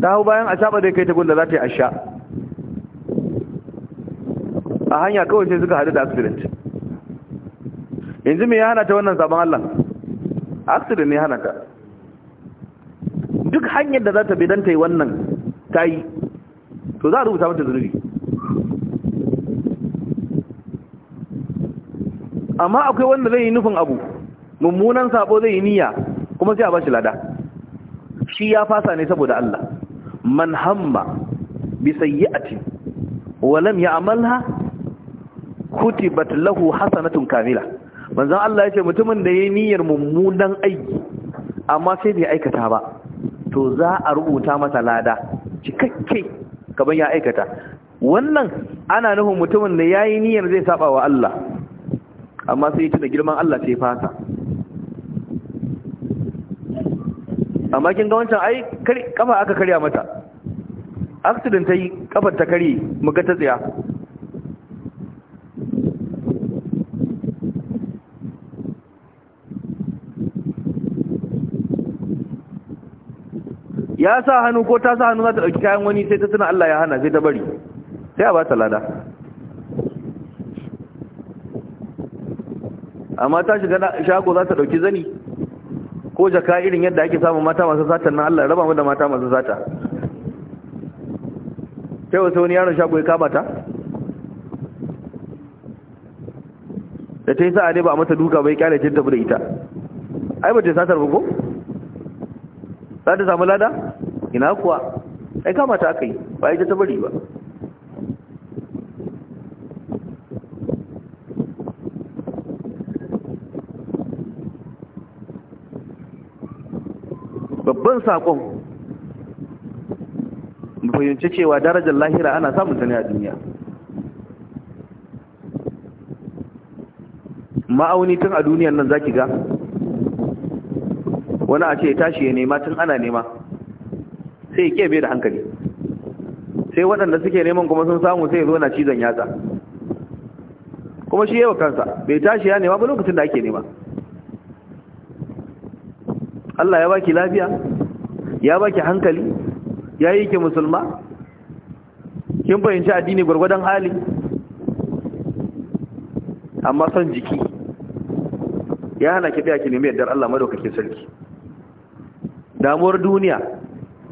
ta hau bayan a shaɓa zai kai ta gunda za ta yi a sha a hanya kawai sai suka hadu da accident yanzu me ya hana ta wannan sabon Allah accident ne hana ta duk hanyar da za ta bi don ta yi wannan ta yi to za a rubuta mata zunubi amma akwai wanda zai yi nufin abu mummunan sabo zai yi niyya kuma sai a bashi lada shi ya fasa ne saboda Allah man hamma bi sayyi'ati wa lam ya'malha kutibat lahu hasanatun kamila manzon Allah yace mutumin da yayi niyyar mummunan aiki amma sai bai aikata ba to za a rubuta masa lada cikakke kaban ya aikata wannan ana nufin mutumin da yayi niyyar zai saba wa Allah amma sai tuna girman Allah sai fasa amma kin ga wancan ai kafa aka karya mata accident ta yi kafar ta kare muka ta tsaya ya sa hannu ko ta sa hannu za ta ɗauki kayan wani sai ta tuna Allah ya hana sai ta bari sai a ba ta lada amma ta shiga shago za ta ɗauki zani ko jaka irin yadda ake samun mata masu sata na Allah raba mu da mata masu sata sai wasu wani yaron shago ya kama ta da ta yi sa'a ne ba a mata duka bai kyale ta tafi da ita ai ba ta satar ba ko za ta samu lada ina kuwa ai kamata aka yi ba ita ta bari ba babban sakon fahimci cewa darajar lahira ana samun ta ne a duniya ma'auni tun a duniyan nan za ki ga wani a ce ya tashi ya nema tun ana nema sai ya kebe da hankali sai waɗanda suke neman kuma sun samu sai ya zo na cizon yatsa kuma shi yawa kansa bai tashi ya nema ba lokacin da ake nema Allah ya baki lafiya ya baki hankali ya yi ke musulma kin fahimci addini gwargwadon hali amma son jiki ya hana ki biya ki nemi yardar Allah madaukakin sarki damuwar duniya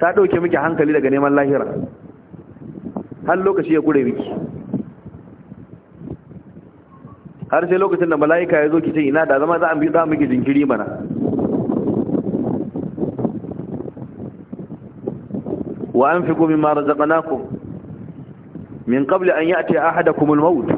ta ɗauke miki hankali daga neman lahira har lokaci ya kure miki har sai lokacin da mala'ika ya zo ki ce ina da zama za a za miki jinkiri mana wa an fi anfiqu mimma razaqnakum min qabli an yi a ya'ti ahadakum al-maut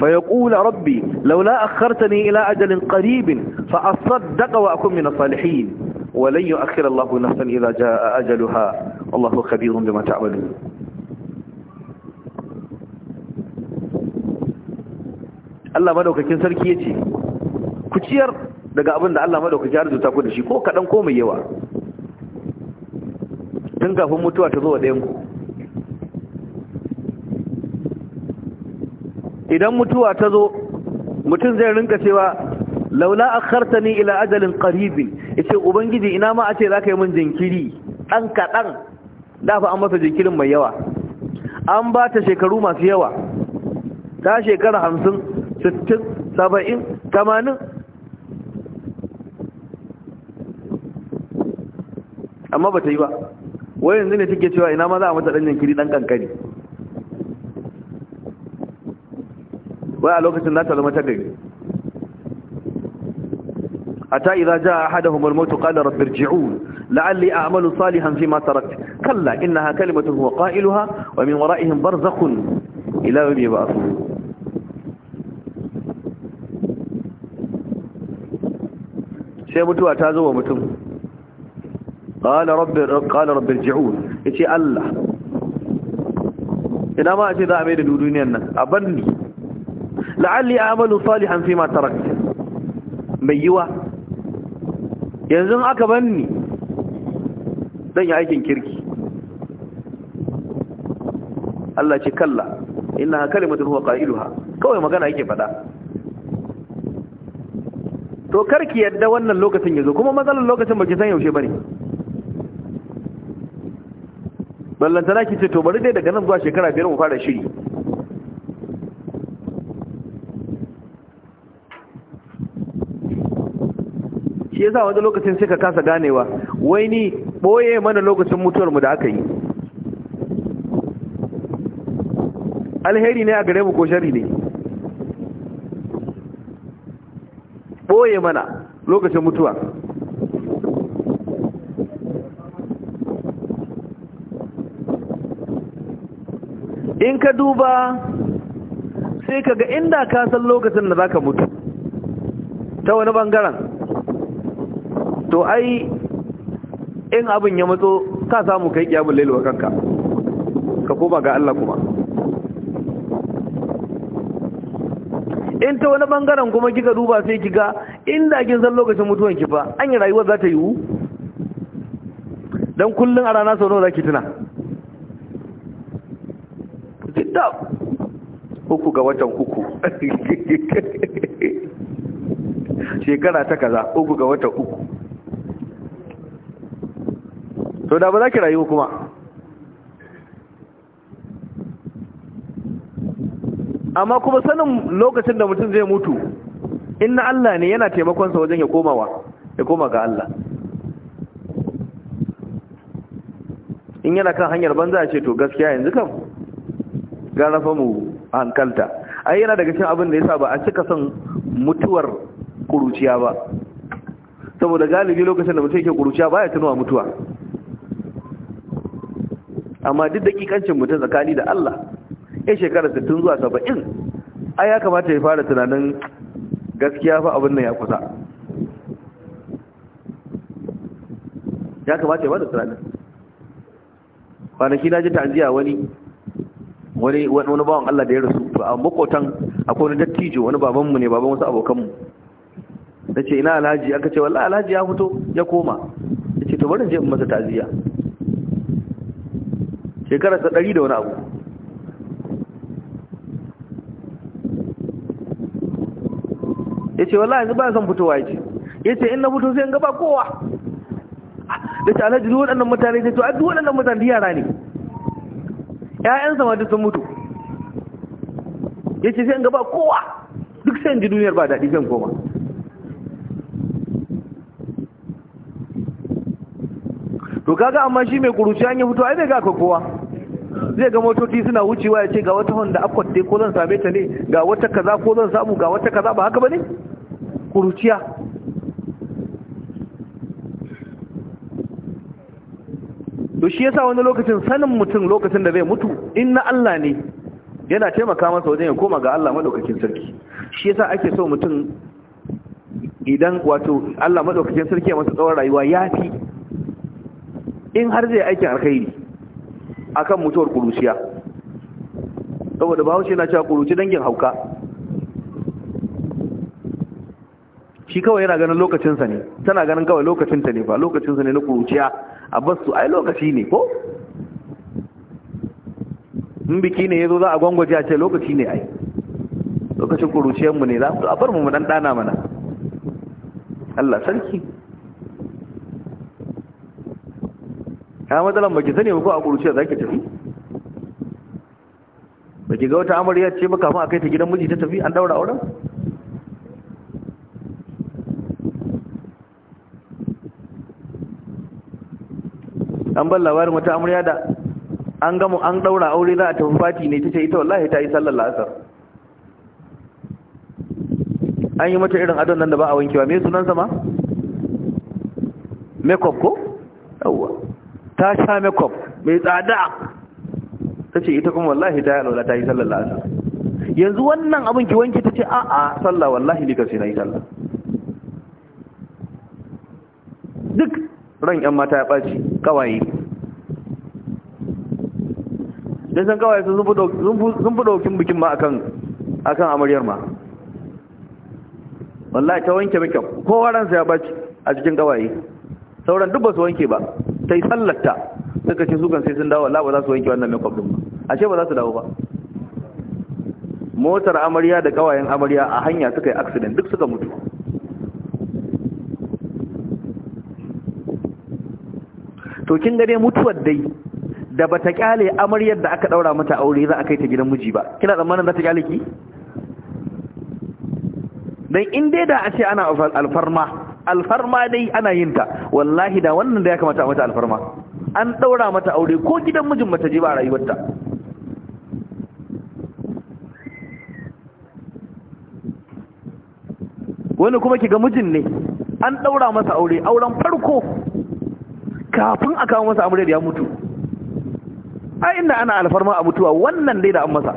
فيقول ربي لولا أخرتني إلى أجل قريب فأصدق وأكون من salihin. ولن يؤخر الله نفسا إذا جاء أجلها الله خبير بما تعملون Allah madaukakin sarki yace ku ciyar daga abin da Allah madaukaki ya rubuta ku da shi ko kadan ko mai yawa tun kafin mutuwa ta zo da yanku idan mutuwa ta zo mutum zai rinka cewa laula akhartani ila ajalin qaribin ce ubangiji ina ma a ce za ka yi min jinkiri ɗan kaɗan? da fa an masa jinkirin mai yawa an ba ta shekaru masu yawa ta shekara hamsin sittin saba'in tamanin amma ba ta yi ba wai yanzu ne take cewa ina ma za a mata ɗan jinkiri ɗan kankani wai a lokacin za ta zama ta gari أتى إذا جاء أحدهم الموت قال رب ارجعون لعلي أعمل صالحا فيما تركت كلا إنها كلمة هو قائلها ومن ورائهم برزخ إلى يوم يبعثون متو أتازو ومتوا قال رب قال رب ارجعون إشي الله إلى ما أتي ذا أمين الدنيا أبني لعلي أعمل صالحا فيما تركت ميوه yanzu aka banni zan yi aikin kirki Allah ce kalla inna kalimatun huwa qailuha kawai magana yake fada to karki yadda wannan lokacin yazo kuma matsalar lokacin baki san yaushe bane ballantana ki ce to bari dai daga nan zuwa shekara biyar mu fara shiri shi yasa wani lokacin suka ka kasa ganewa wai ni boye mana lokacin mutuwar mu da aka yi alheri ne a gare mu ko shari ne boye mana lokacin mutuwa in ka duba sai ka ga inda ka san lokacin da za ka mutu ta wani bangaren to ai in abin ya matso ka samu kai kiyamul lail wa kanka ka koma ga Allah kuma in ta wani bangaren kuma kika duba sai kiga inda kin san lokacin mutuwan ki fa an yi rayuwar za ta yiwu dan kullun a rana sau nawa zaki tuna kitab uku ga watan uku [LAUGHS] shekara ta kaza uku ga watan uku to da ba za ki rayu kuma amma kuma sanin lokacin da mutum zai mutu in na Allah ne yana taimakonsa wajen ya komawa ya koma ga Allah in yana kan hanyar banza ce to gaskiya yanzu kam garafa mu hankalta ai yana daga cikin abin da yasa ba a cika son mutuwar kuruciya ba saboda galibi lokacin da mutum yake kuruciya baya tunawa mutuwa amma duk da dakikancin mutum tsakani da Allah ya shekara 60 zuwa 70 ai ya kamata ya fara tunanin gaskiya fa abin nan ya kusa ya kamata ya fara tunanin kwanaki na ji ta'aziya wani wani wani bawan Allah da ya rasu to a makotan akwai wani dattijo wani babanmu ne baban wasu abokanmu ce ina alhaji aka ce wallah alhaji ya fito ya koma Ya ce to bari je in masa ta'aziya shekararsa ɗari da wani abu ya ce wallahi yanzu ba son fitowa ya ce ya ce in na fito sai yin gaba kowa da ce alhaji duk waɗannan mutane ce to a duk waɗannan mutane yara ne ƴaƴansa sama duk sun mutu ya ce sai yin gaba kowa duk sai yin ji duniyar ba daɗi zan koma to kaga amma shi mai kuruci an fito ai bai ga kowa zai ga motoci suna wucewa ya ce ga wata honda akwat dai ko zan same ta ne ga wata kaza ko zan samu ga wata kaza ba haka ba ne kuruciya to shi yasa wani lokacin sanin mutum lokacin da zai mutu in na Allah ne yana taimaka masa wajen ya koma ga Allah madaukakin sarki shi yasa ake so mutum idan wato Allah madaukakin sarki ya masa tsawon rayuwa yafi in har zai aikin alkhairi akan mutuwar kuruciya saboda bahaushe na cewa ƙuruci dangin hauka shi kawai yana ganin lokacinsa ne tana ganin kawai lokacinta ne ba lokacinsa ne na ƙuruciya. a basu ai lokaci ne ko in biki ne ya zo za a gwangwaje a ce lokaci ne ai lokacin kuruciyarmu ne za su abar mu mu ɗana mana Allah sarki ya matsalan baki sani ba ko a ƙuruciya za ki tafi baki ga wata amarya ce ba kafin a kai ta gidan miji ta tafi an daura auren an bar labarin wata amarya da an gamu an daura aure za a tafi fati ne tace ce ita wallahi ta yi sallar la'asar an yi mata irin adon nan da ba a wankewa me sunan sama makeup ko yawwa ta sha makeup mai tsada ta ce ita kuma wallahi ta yi alwala ta yi sallar la'asar yanzu wannan abin ki wanki ta ce a'a sallah wallahi ni kasi na yi sallah duk ran yan mata ya ɓaci kawaye da san kawaye sun fi ɗaukin bikin ma akan akan amaryar ma wallahi ta wanke makeup kowa ransa ya ɓaci a cikin kawaye sauran duk ba su wanke ba ta yi sallarta suka ce sukan sai sun dawo Allah ba za su wanke wannan makeup din ba ashe ba za su dawo ba motar amarya da kawayen amarya a hanya suka yi accident duk suka mutu to kin ga mutuwar dai da bata kyale amaryar da aka daura mata aure za a kai ta gidan miji ba kina tsammanin za ta kyale ki dan inda da a ce ana alfarma alfarma dai ana yin ta wallahi da wannan da ya kamata mata alfarma an daura mata aure ko gidan mijin mata je ba rayuwarta wani kuma kiga mijin ne an daura masa aure auren farko kafin a kawo masa amurai ya mutu a inda ana alfarma a mutuwa wannan dai da an masa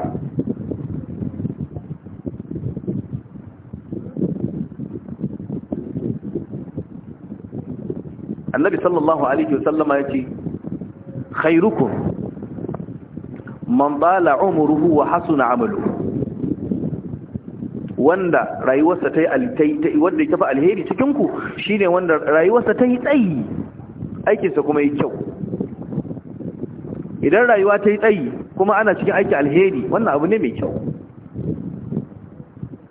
annabi sallallahu alaihi wasallama yace khairukum man bala umruhu wa hasuna amaluhu wanda rayuwarsa ta yi wanda yake ba alheri cikin ku shine wanda rayuwarsa ta yi tsayi aikinsa kuma yake kyau idan rayuwa ta yi tsayi kuma ana cikin aiki alheri wannan abu ne mai kyau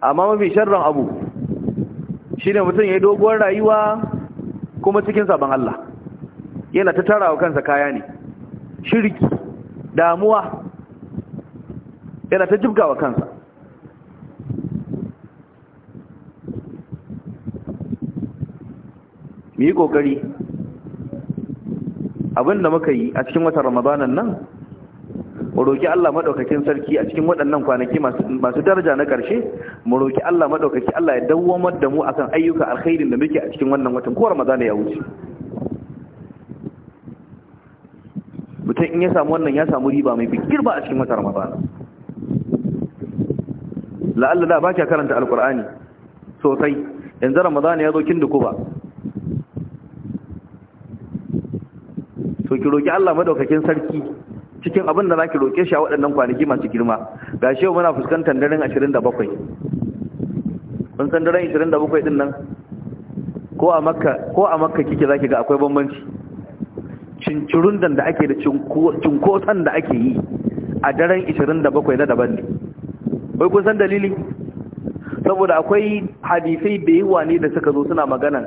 amma mafi sharran abu shine mutum ya yi doguwar rayuwa kuma cikin sabon Allah yana ta tarawa kansa kaya ne shirki damuwa yana ta jibgawa kansa mu yi kokari abinda muka yi a cikin watan ramadanan nan mu roki Allah madaukakin sarki a cikin waɗannan kwanaki masu daraja na ƙarshe mu roki Allah madaukaki Allah ya dawwamar da mu akan ayyuka alkhairin da muke a cikin wannan watan ko Ramadan ya wuce mutum in ya samu wannan ya samu riba mai ba a cikin watan Ramadan la'alla da ba ka karanta alkur'ani sosai yanzu Ramadan ya zo kin duku ba to ki roki Allah madaukakin sarki cikin abin da zaki roke shi a waɗannan kwanaki masu girma ga shi muna fuskantar daren 27 kun san daren 27 din nan ko a makka ko a makka kike zaki ga akwai bambanci cincirun da ake da cinkoson da ake yi a daren 27 na daban ne bai kun san dalili saboda akwai hadisai da yawa ne da suka zo suna magana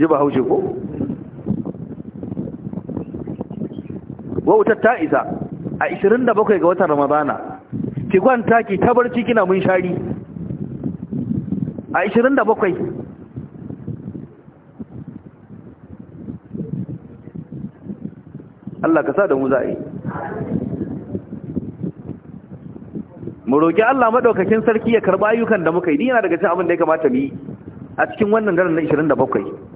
ji ba haushe ko wautar ta isa a 27 ga watan ramadana ki kwanta ki ta barci kina mun shari a 27 Allah ka sa da mu za'i mu roƙi Allah madaukakin sarki ya karba ayyukan da muka yi dina daga cikin abin da ya kamata mu yi a cikin wannan daren na 27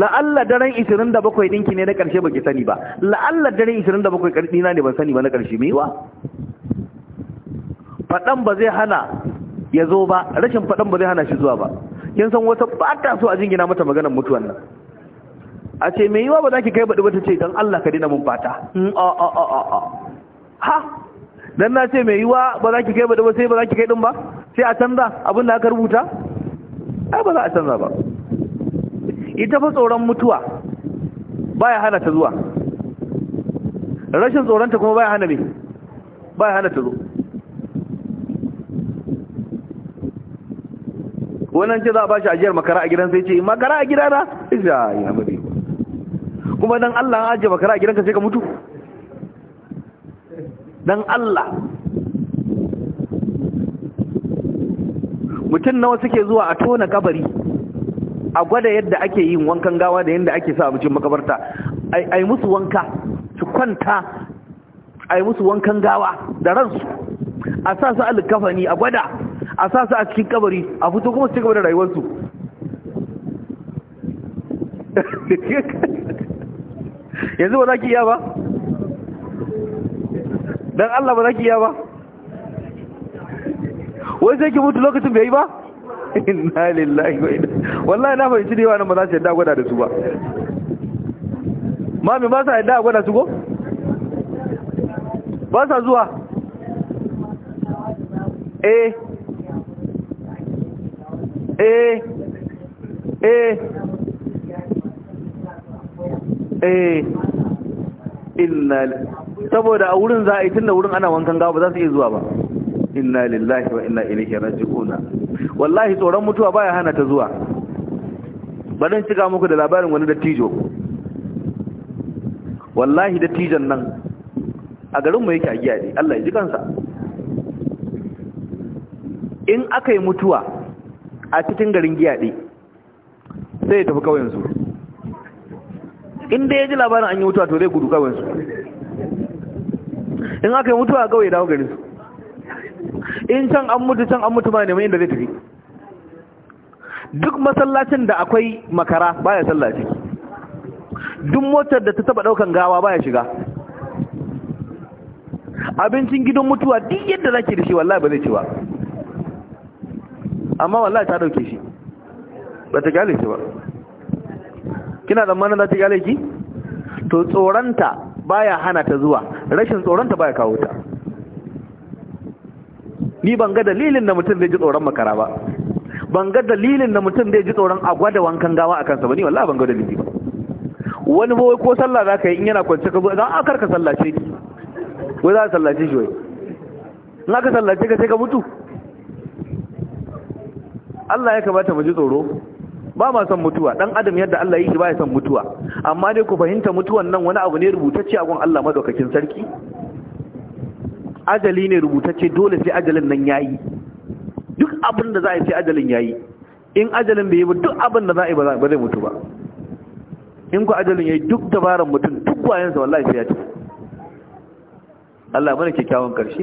la'alla daren 27 dinki ne na karshe baki sani ba la'alla daren 27 ƙarfi na ne ban sani ba na karshe mai wa fadan ba zai hana ya zo ba rashin fadan ba zai hana shi zuwa ba kin san wata ba ta so a jingina mata maganar mutuwan nan a ce mai yiwa ba za ki kai baɗi ba ta ce don Allah ka dina mun fata mm, ha don na ce mai yiwa ba za ki kai baɗi ba sai ba za ki kai ɗin ba sai a canza abin da aka rubuta ai ba za a canza ba ita fa tsoron mutuwa baya hana ta zuwa rashin tsoronta kuma baya hana me baya hana ta zo wannan ce za a bashi ajiyar makara a gidan sai ce makara a gidana isa ya mabe kuma dan Allah an ajiye makara a gidanka sai ka mutu dan Allah mutum nawa suke zuwa a tona kabari a gwada yadda ake yin wankan gawa da yadda ake sa abincin makabarta ai musu wanka su kwanta ai musu wankan gawa da ransu a sa su alikafani a gwada a sa su a cikin kabari a fito kuma su cikin gaba rayuwarsu [LAUGHS] yanzu ba za ki iya ba don Allah ba za ki iya ba wai sai ki mutu lokacin bai yi ba inna lillahi wa inna wallahi na fahimci da yawa nan ba za su yadda gwada da su ba mami ba sa yadda gwada su ko ba sa zuwa eh eh eh eh inna saboda a wurin za a yi tun da wurin ana wankan gawa ba za su iya zuwa ba inna lillahi wa inna ilaihi raji'una wallahi tsoron mutuwa baya hana ta zuwa barin shiga muku da labarin wani dattijo wallahi dattijon nan a garinmu yake a ne Allah ya ji kansa in aka yi mutuwa a cikin garin giyaɗe sai ya tafi kawayensu inda ya ji labarin an yi mutuwa to zai gudu kawayensu in aka yi mutuwa kawai ya dawo garinsu in can an mutu can an mutu ma neman inda zai tafi duk masallacin da akwai makara baya sallah ciki duk motar da ta taba daukan gawa baya shiga abincin gidan mutuwa duk yadda zaki da shi wallahi ba zai ci ba amma wallahi ta dauke shi ba ta gale shi ba kina tsammanin za ta gale ki to tsoronta baya hana ta zuwa rashin tsoronta baya kawo ta ni ban ga dalilin da mutum zai ji tsoron makara ba ban ga dalilin da mutum zai ji tsoron a gwada wankan gawa a kansa ba ni wallahi ban ga dalili ba wani ba ko sallah za ka yi in yana kwance ka zo za a karka sallace ki wai za a sallace shi wai in aka sallace ka sai ka mutu Allah ya kamata mu ji tsoro ba ma son mutuwa dan adam yadda Allah yi shi ba ya son mutuwa amma dai ku fahimta mutuwan nan wani abu ne rubutacce a gun Allah madaukakin sarki ajali ne rubutacce dole sai ajalin nan yayi duk abin da za a yi sai ajalin ya yi in ajalin bai yi ba duk abin da za a yi ba zai mutu ba in ku ajalin ya yi duk dabarar mutum duk wayansa wallahi sai ya ci Allah mana kyakkyawan ƙarshe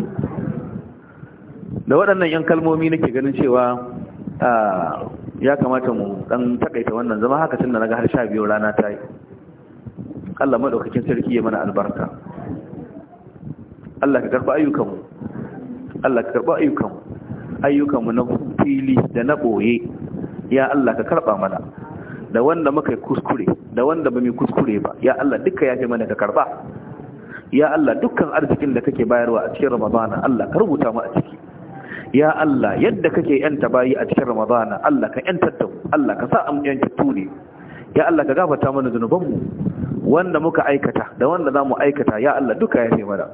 da waɗannan 'yan kalmomi nake ganin cewa ya kamata mu ɗan takaita wannan zama haka tun da na ga har sha biyu rana ta yi Allah maɗaukakin sarki ya mana albarka Allah ka karɓi ayyukanmu Allah ka karɓi ayyukanmu ayyukanmu na fili da na ɓoye ya Allah ka karɓa mana da wanda muka yi kuskure da wanda ba mu kuskure ba ya Allah duka yafe mana ka karɓa ya Allah dukkan arzikin da kake bayarwa a cikin ramadana Allah ka rubuta mu a ciki ya Allah yadda kake yanta bayi a cikin ramadana Allah ka yanta da Allah ka sa am yanki tuni ya Allah ka gafarta mana zanubanmu wanda muka aikata da wanda za mu aikata ya Allah duka yafe mana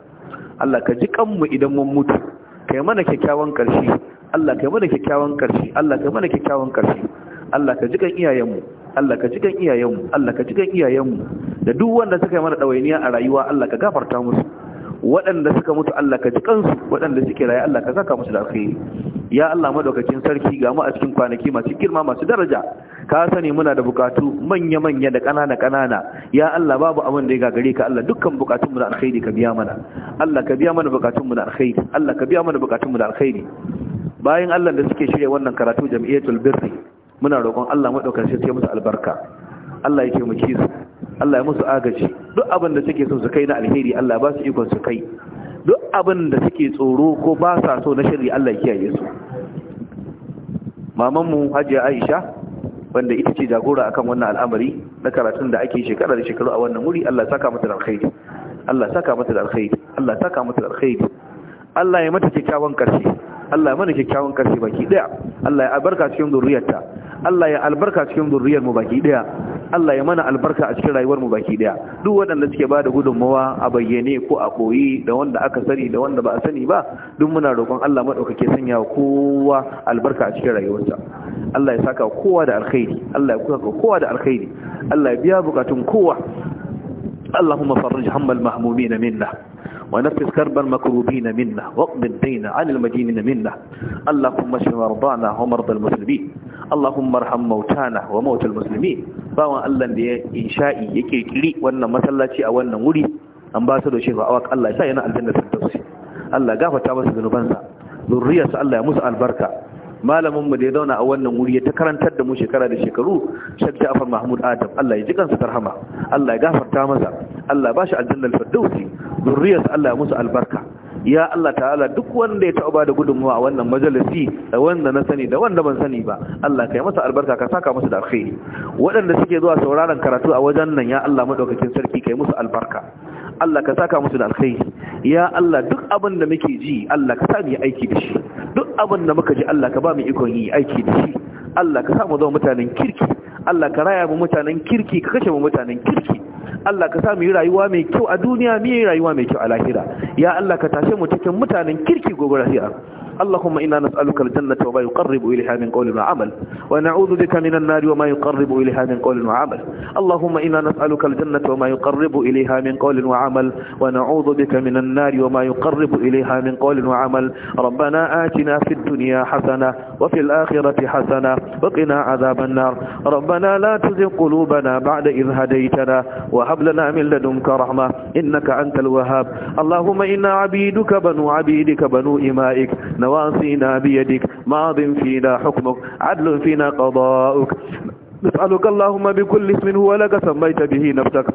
Allah ka ji kanmu idan mun mutu kai mana kyakkyawan ƙarshe Allah yi mana kyakkyawan ƙarshe. Allah yi mana kyakkyawan ƙarshe. Allah ka jikan iyayenmu Allah ka jikan iyayenmu Allah ka jikan iyayenmu da duk wanda suka yi mana dawainiya a rayuwa Allah ka gafarta musu waɗanda suka mutu Allah ka jikan su waɗanda suke raye Allah ka zaka musu da alkhairi ya Allah madaukakin sarki ga mu a cikin kwanaki masu girma masu daraja ka sani muna da bukatu manya-manya da ƙanana-ƙanana ya Allah babu abin da ya gagare ka Allah dukkan bukatunmu da alkhairi ka biya mana Allah ka biya mana bukatunmu da alkhairi Allah ka biya mana bukatunmu da alkhairi bayan Allah da suke shirya wannan karatu jami'atul birri muna roƙon Allah madaukar shi ya musu albarka Allah yake mu su Allah ya musu agaji duk abin da suke so su kai na alheri Allah ba su ikon su kai duk abin da suke tsoro ko ba sa so na shirri Allah ya kiyaye su mamanmu hajiya Aisha wanda ita ce jagora akan wannan al'amari na karatun da ake shekara da shekaru a wannan wuri Allah saka mata da alkhairi Allah saka mata da alkhairi Allah saka mata da alkhairi Allah ya mata kyakkyawan karshe Allah ya mana kyakkyawan karshe baki ɗaya, Allah ya albarka cikin zuriyarta Allah ya albarka cikin zuriyar mu baki ɗaya, Allah ya mana albarka a cikin rayuwar mu baki ɗaya. duk waɗanda suke ba da gudunmawa a bayyane ko a koyi da wanda aka sani da wanda ba a sani ba duk muna roƙon Allah madaukake sanya wa kowa albarka a cikin rayuwarsa Allah ya saka kowa da alkhairi Allah ya kuka kowa da alkhairi Allah ya biya bukatun kowa اللهم فرج هم المهمومين منا ونفس كرب المكروبين منا واقض الدين عن المدينين منا اللهم اشف مرضانا ومرضى المسلمين اللهم ارحم موتانا وموتى المسلمين باwan Allah da ya insha'i ya wannan masallaci a wannan wuri an ba su da shi ba'awak Allah ya sa yana aljanna firdausi Allah gafarta masa zanubansa zurriyarsa Allah ya musu albarka malamin mu da ya zauna a wannan wuri ya ta karantar da mu shekara da shekaru Sheikh Ja'far Mahmud Adam Allah ya ji kansa tarhama Allah ya gafarta masa Allah ba shi aljannal firdausi zurriyarsa Allah ya musu albarka ya Allah ta'ala duk wanda ya taɓa da gudunmuwa a wannan majalisi da wanda na sani da wanda ban sani ba Allah ka masa albarka ka saka masa da alkhairi waɗanda suke zuwa sauraron karatu a wajen nan ya Allah madaukakin sarki ka yi musu albarka Allah ka saka musu da alkhairi ya Allah duk abin da muke ji Allah ka sa mu aiki da shi duk abin da muka ji Allah ka ba mu ikon yi aiki da shi Allah ka sa mu zama mutanen kirki Allah ka raya mu mutanen kirki ka kashe mu mutanen kirki Allah ka sa mu rayuwa mai kyau a duniya mu rayuwa mai kyau a lahira ya Allah ka tashe mu cikin mutanen kirki gobe lahira اللهم إنا نسألك الجنة وما يقرب إليها من قول وعمل ونعوذ بك من النار وما يقرب إليها من قول وعمل اللهم إنا نسألك الجنة وما يقرب إليها من قول وعمل ونعوذ بك من النار وما يقرب إليها من قول وعمل ربنا آتنا في الدنيا حسنة وفي الآخرة حسنة وقنا عذاب النار ربنا لا تزغ قلوبنا بعد إذ هديتنا وهب لنا من لدنك رحمة إنك أنت الوهاب اللهم إنا عبيدك بنو عبيدك بنو إمائك نواصينا بيدك ماض فينا حكمك عدل فينا قضاؤك نسألك اللهم بكل اسم هو لك سميت به نفسك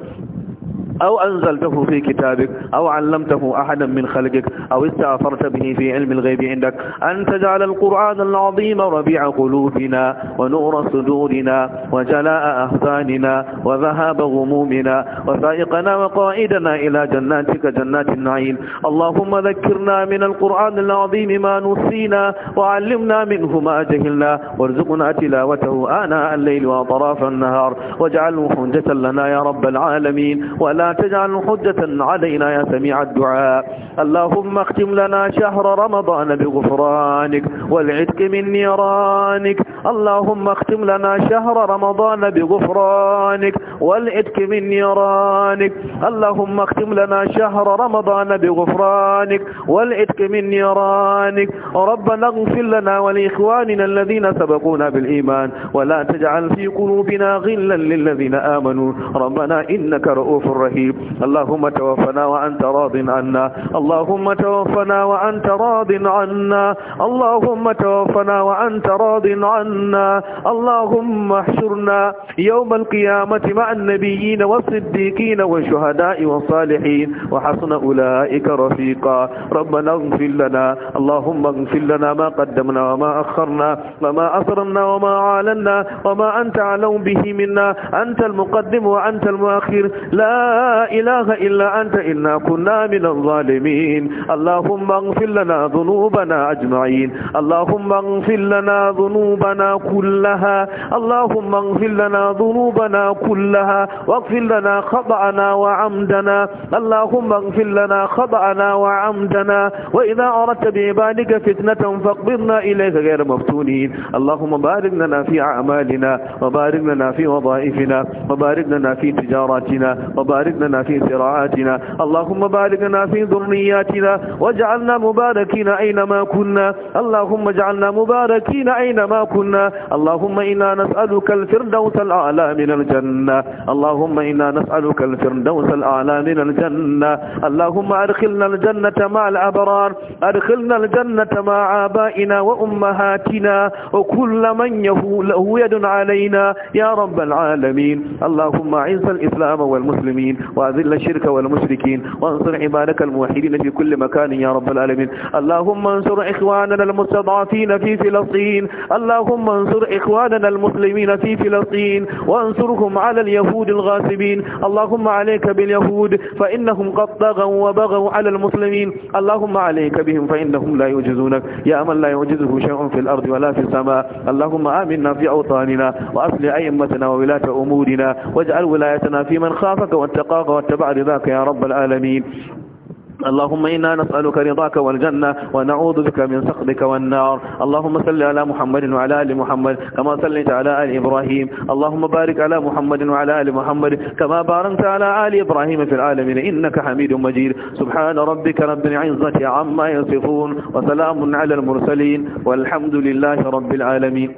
أو أنزلته في كتابك أو علمته أحدا من خلقك أو استأثرت به في علم الغيب عندك أن تجعل القرآن العظيم ربيع قلوبنا ونور صدورنا وجلاء أحزاننا وذهاب غمومنا وفائقنا وقائدنا إلى جناتك جنات النعيم اللهم ذكرنا من القرآن العظيم ما نسينا وعلمنا منه ما جهلنا وارزقنا تلاوته آناء الليل وأطراف النهار واجعله حجة لنا يا رب العالمين ولا تجعل حجة علينا يا سميع الدعاء اللهم اختم لنا شهر رمضان بغفرانك والعتق من نيرانك اللهم اختم لنا شهر رمضان بغفرانك والعتق من نيرانك اللهم اختم لنا شهر رمضان بغفرانك والعتق من نيرانك ربنا اغفر لنا ولإخواننا الذين سبقونا بالإيمان ولا تجعل في قلوبنا غلا للذين آمنوا ربنا إنك رؤوف رحيم رقيب اللهم توفنا وأنت راض عنا اللهم توفنا وأنت راض عنا اللهم توفنا وأنت راض عنا اللهم احشرنا يوم القيامة مع النبيين والصديقين والشهداء والصالحين وحسن أولئك رفيقا ربنا اغفر لنا اللهم اغفر لنا ما قدمنا وما أخرنا وما أسرنا وما أعلنا وما أنت علم به منا أنت المقدم وأنت المؤخر لا لا إله إلا أنت إنا كنا من الظالمين اللهم اغفر لنا ذنوبنا أجمعين اللهم اغفر لنا ذنوبنا كلها اللهم اغفر لنا ذنوبنا كلها واغفر لنا خطأنا وعمدنا اللهم اغفر لنا خطأنا وعمدنا وإذا أردت بعبادك فتنة فاقبضنا إليك غير مفتونين اللهم بارك لنا في أعمالنا وبارك لنا في وظائفنا وبارك لنا في تجاراتنا وبارك وبارك لنا في زراعاتنا اللهم بارك لنا في ذرياتنا واجعلنا مباركين أينما كنا اللهم اجعلنا مباركين أينما كنا اللهم إنا نسألك الفردوس الأعلى من الجنة اللهم إنا نسألك الفردوس الأعلى من الجنة اللهم أدخلنا الجنة مع الأبرار أدخلنا الجنة مع آبائنا وأمهاتنا وكل من له يد علينا يا رب العالمين اللهم أعز الإسلام والمسلمين وأذل الشرك والمشركين وانصر عبادك الموحدين في كل مكان يا رب العالمين اللهم انصر إخواننا المستضعفين في فلسطين اللهم انصر إخواننا المسلمين في فلسطين وانصرهم على اليهود الغاصبين اللهم عليك باليهود فإنهم قد طغوا وبغوا على المسلمين اللهم عليك بهم فإنهم لا يعجزونك يا من لا يعجزه شيء في الأرض ولا في السماء اللهم آمنا في أوطاننا وأصل أئمتنا وولاة أمورنا واجعل ولايتنا في من خافك واتقاك وطاغ واتبع رضاك يا رب العالمين اللهم إنا نسألك رضاك والجنة ونعوذ بك من سخطك والنار اللهم صل على محمد وعلى آل محمد كما صليت على آل إبراهيم اللهم بارك على محمد وعلى آل محمد كما باركت على آل إبراهيم في العالمين إنك حميد مجيد سبحان ربك رب العزة عما يصفون وسلام على المرسلين والحمد لله رب العالمين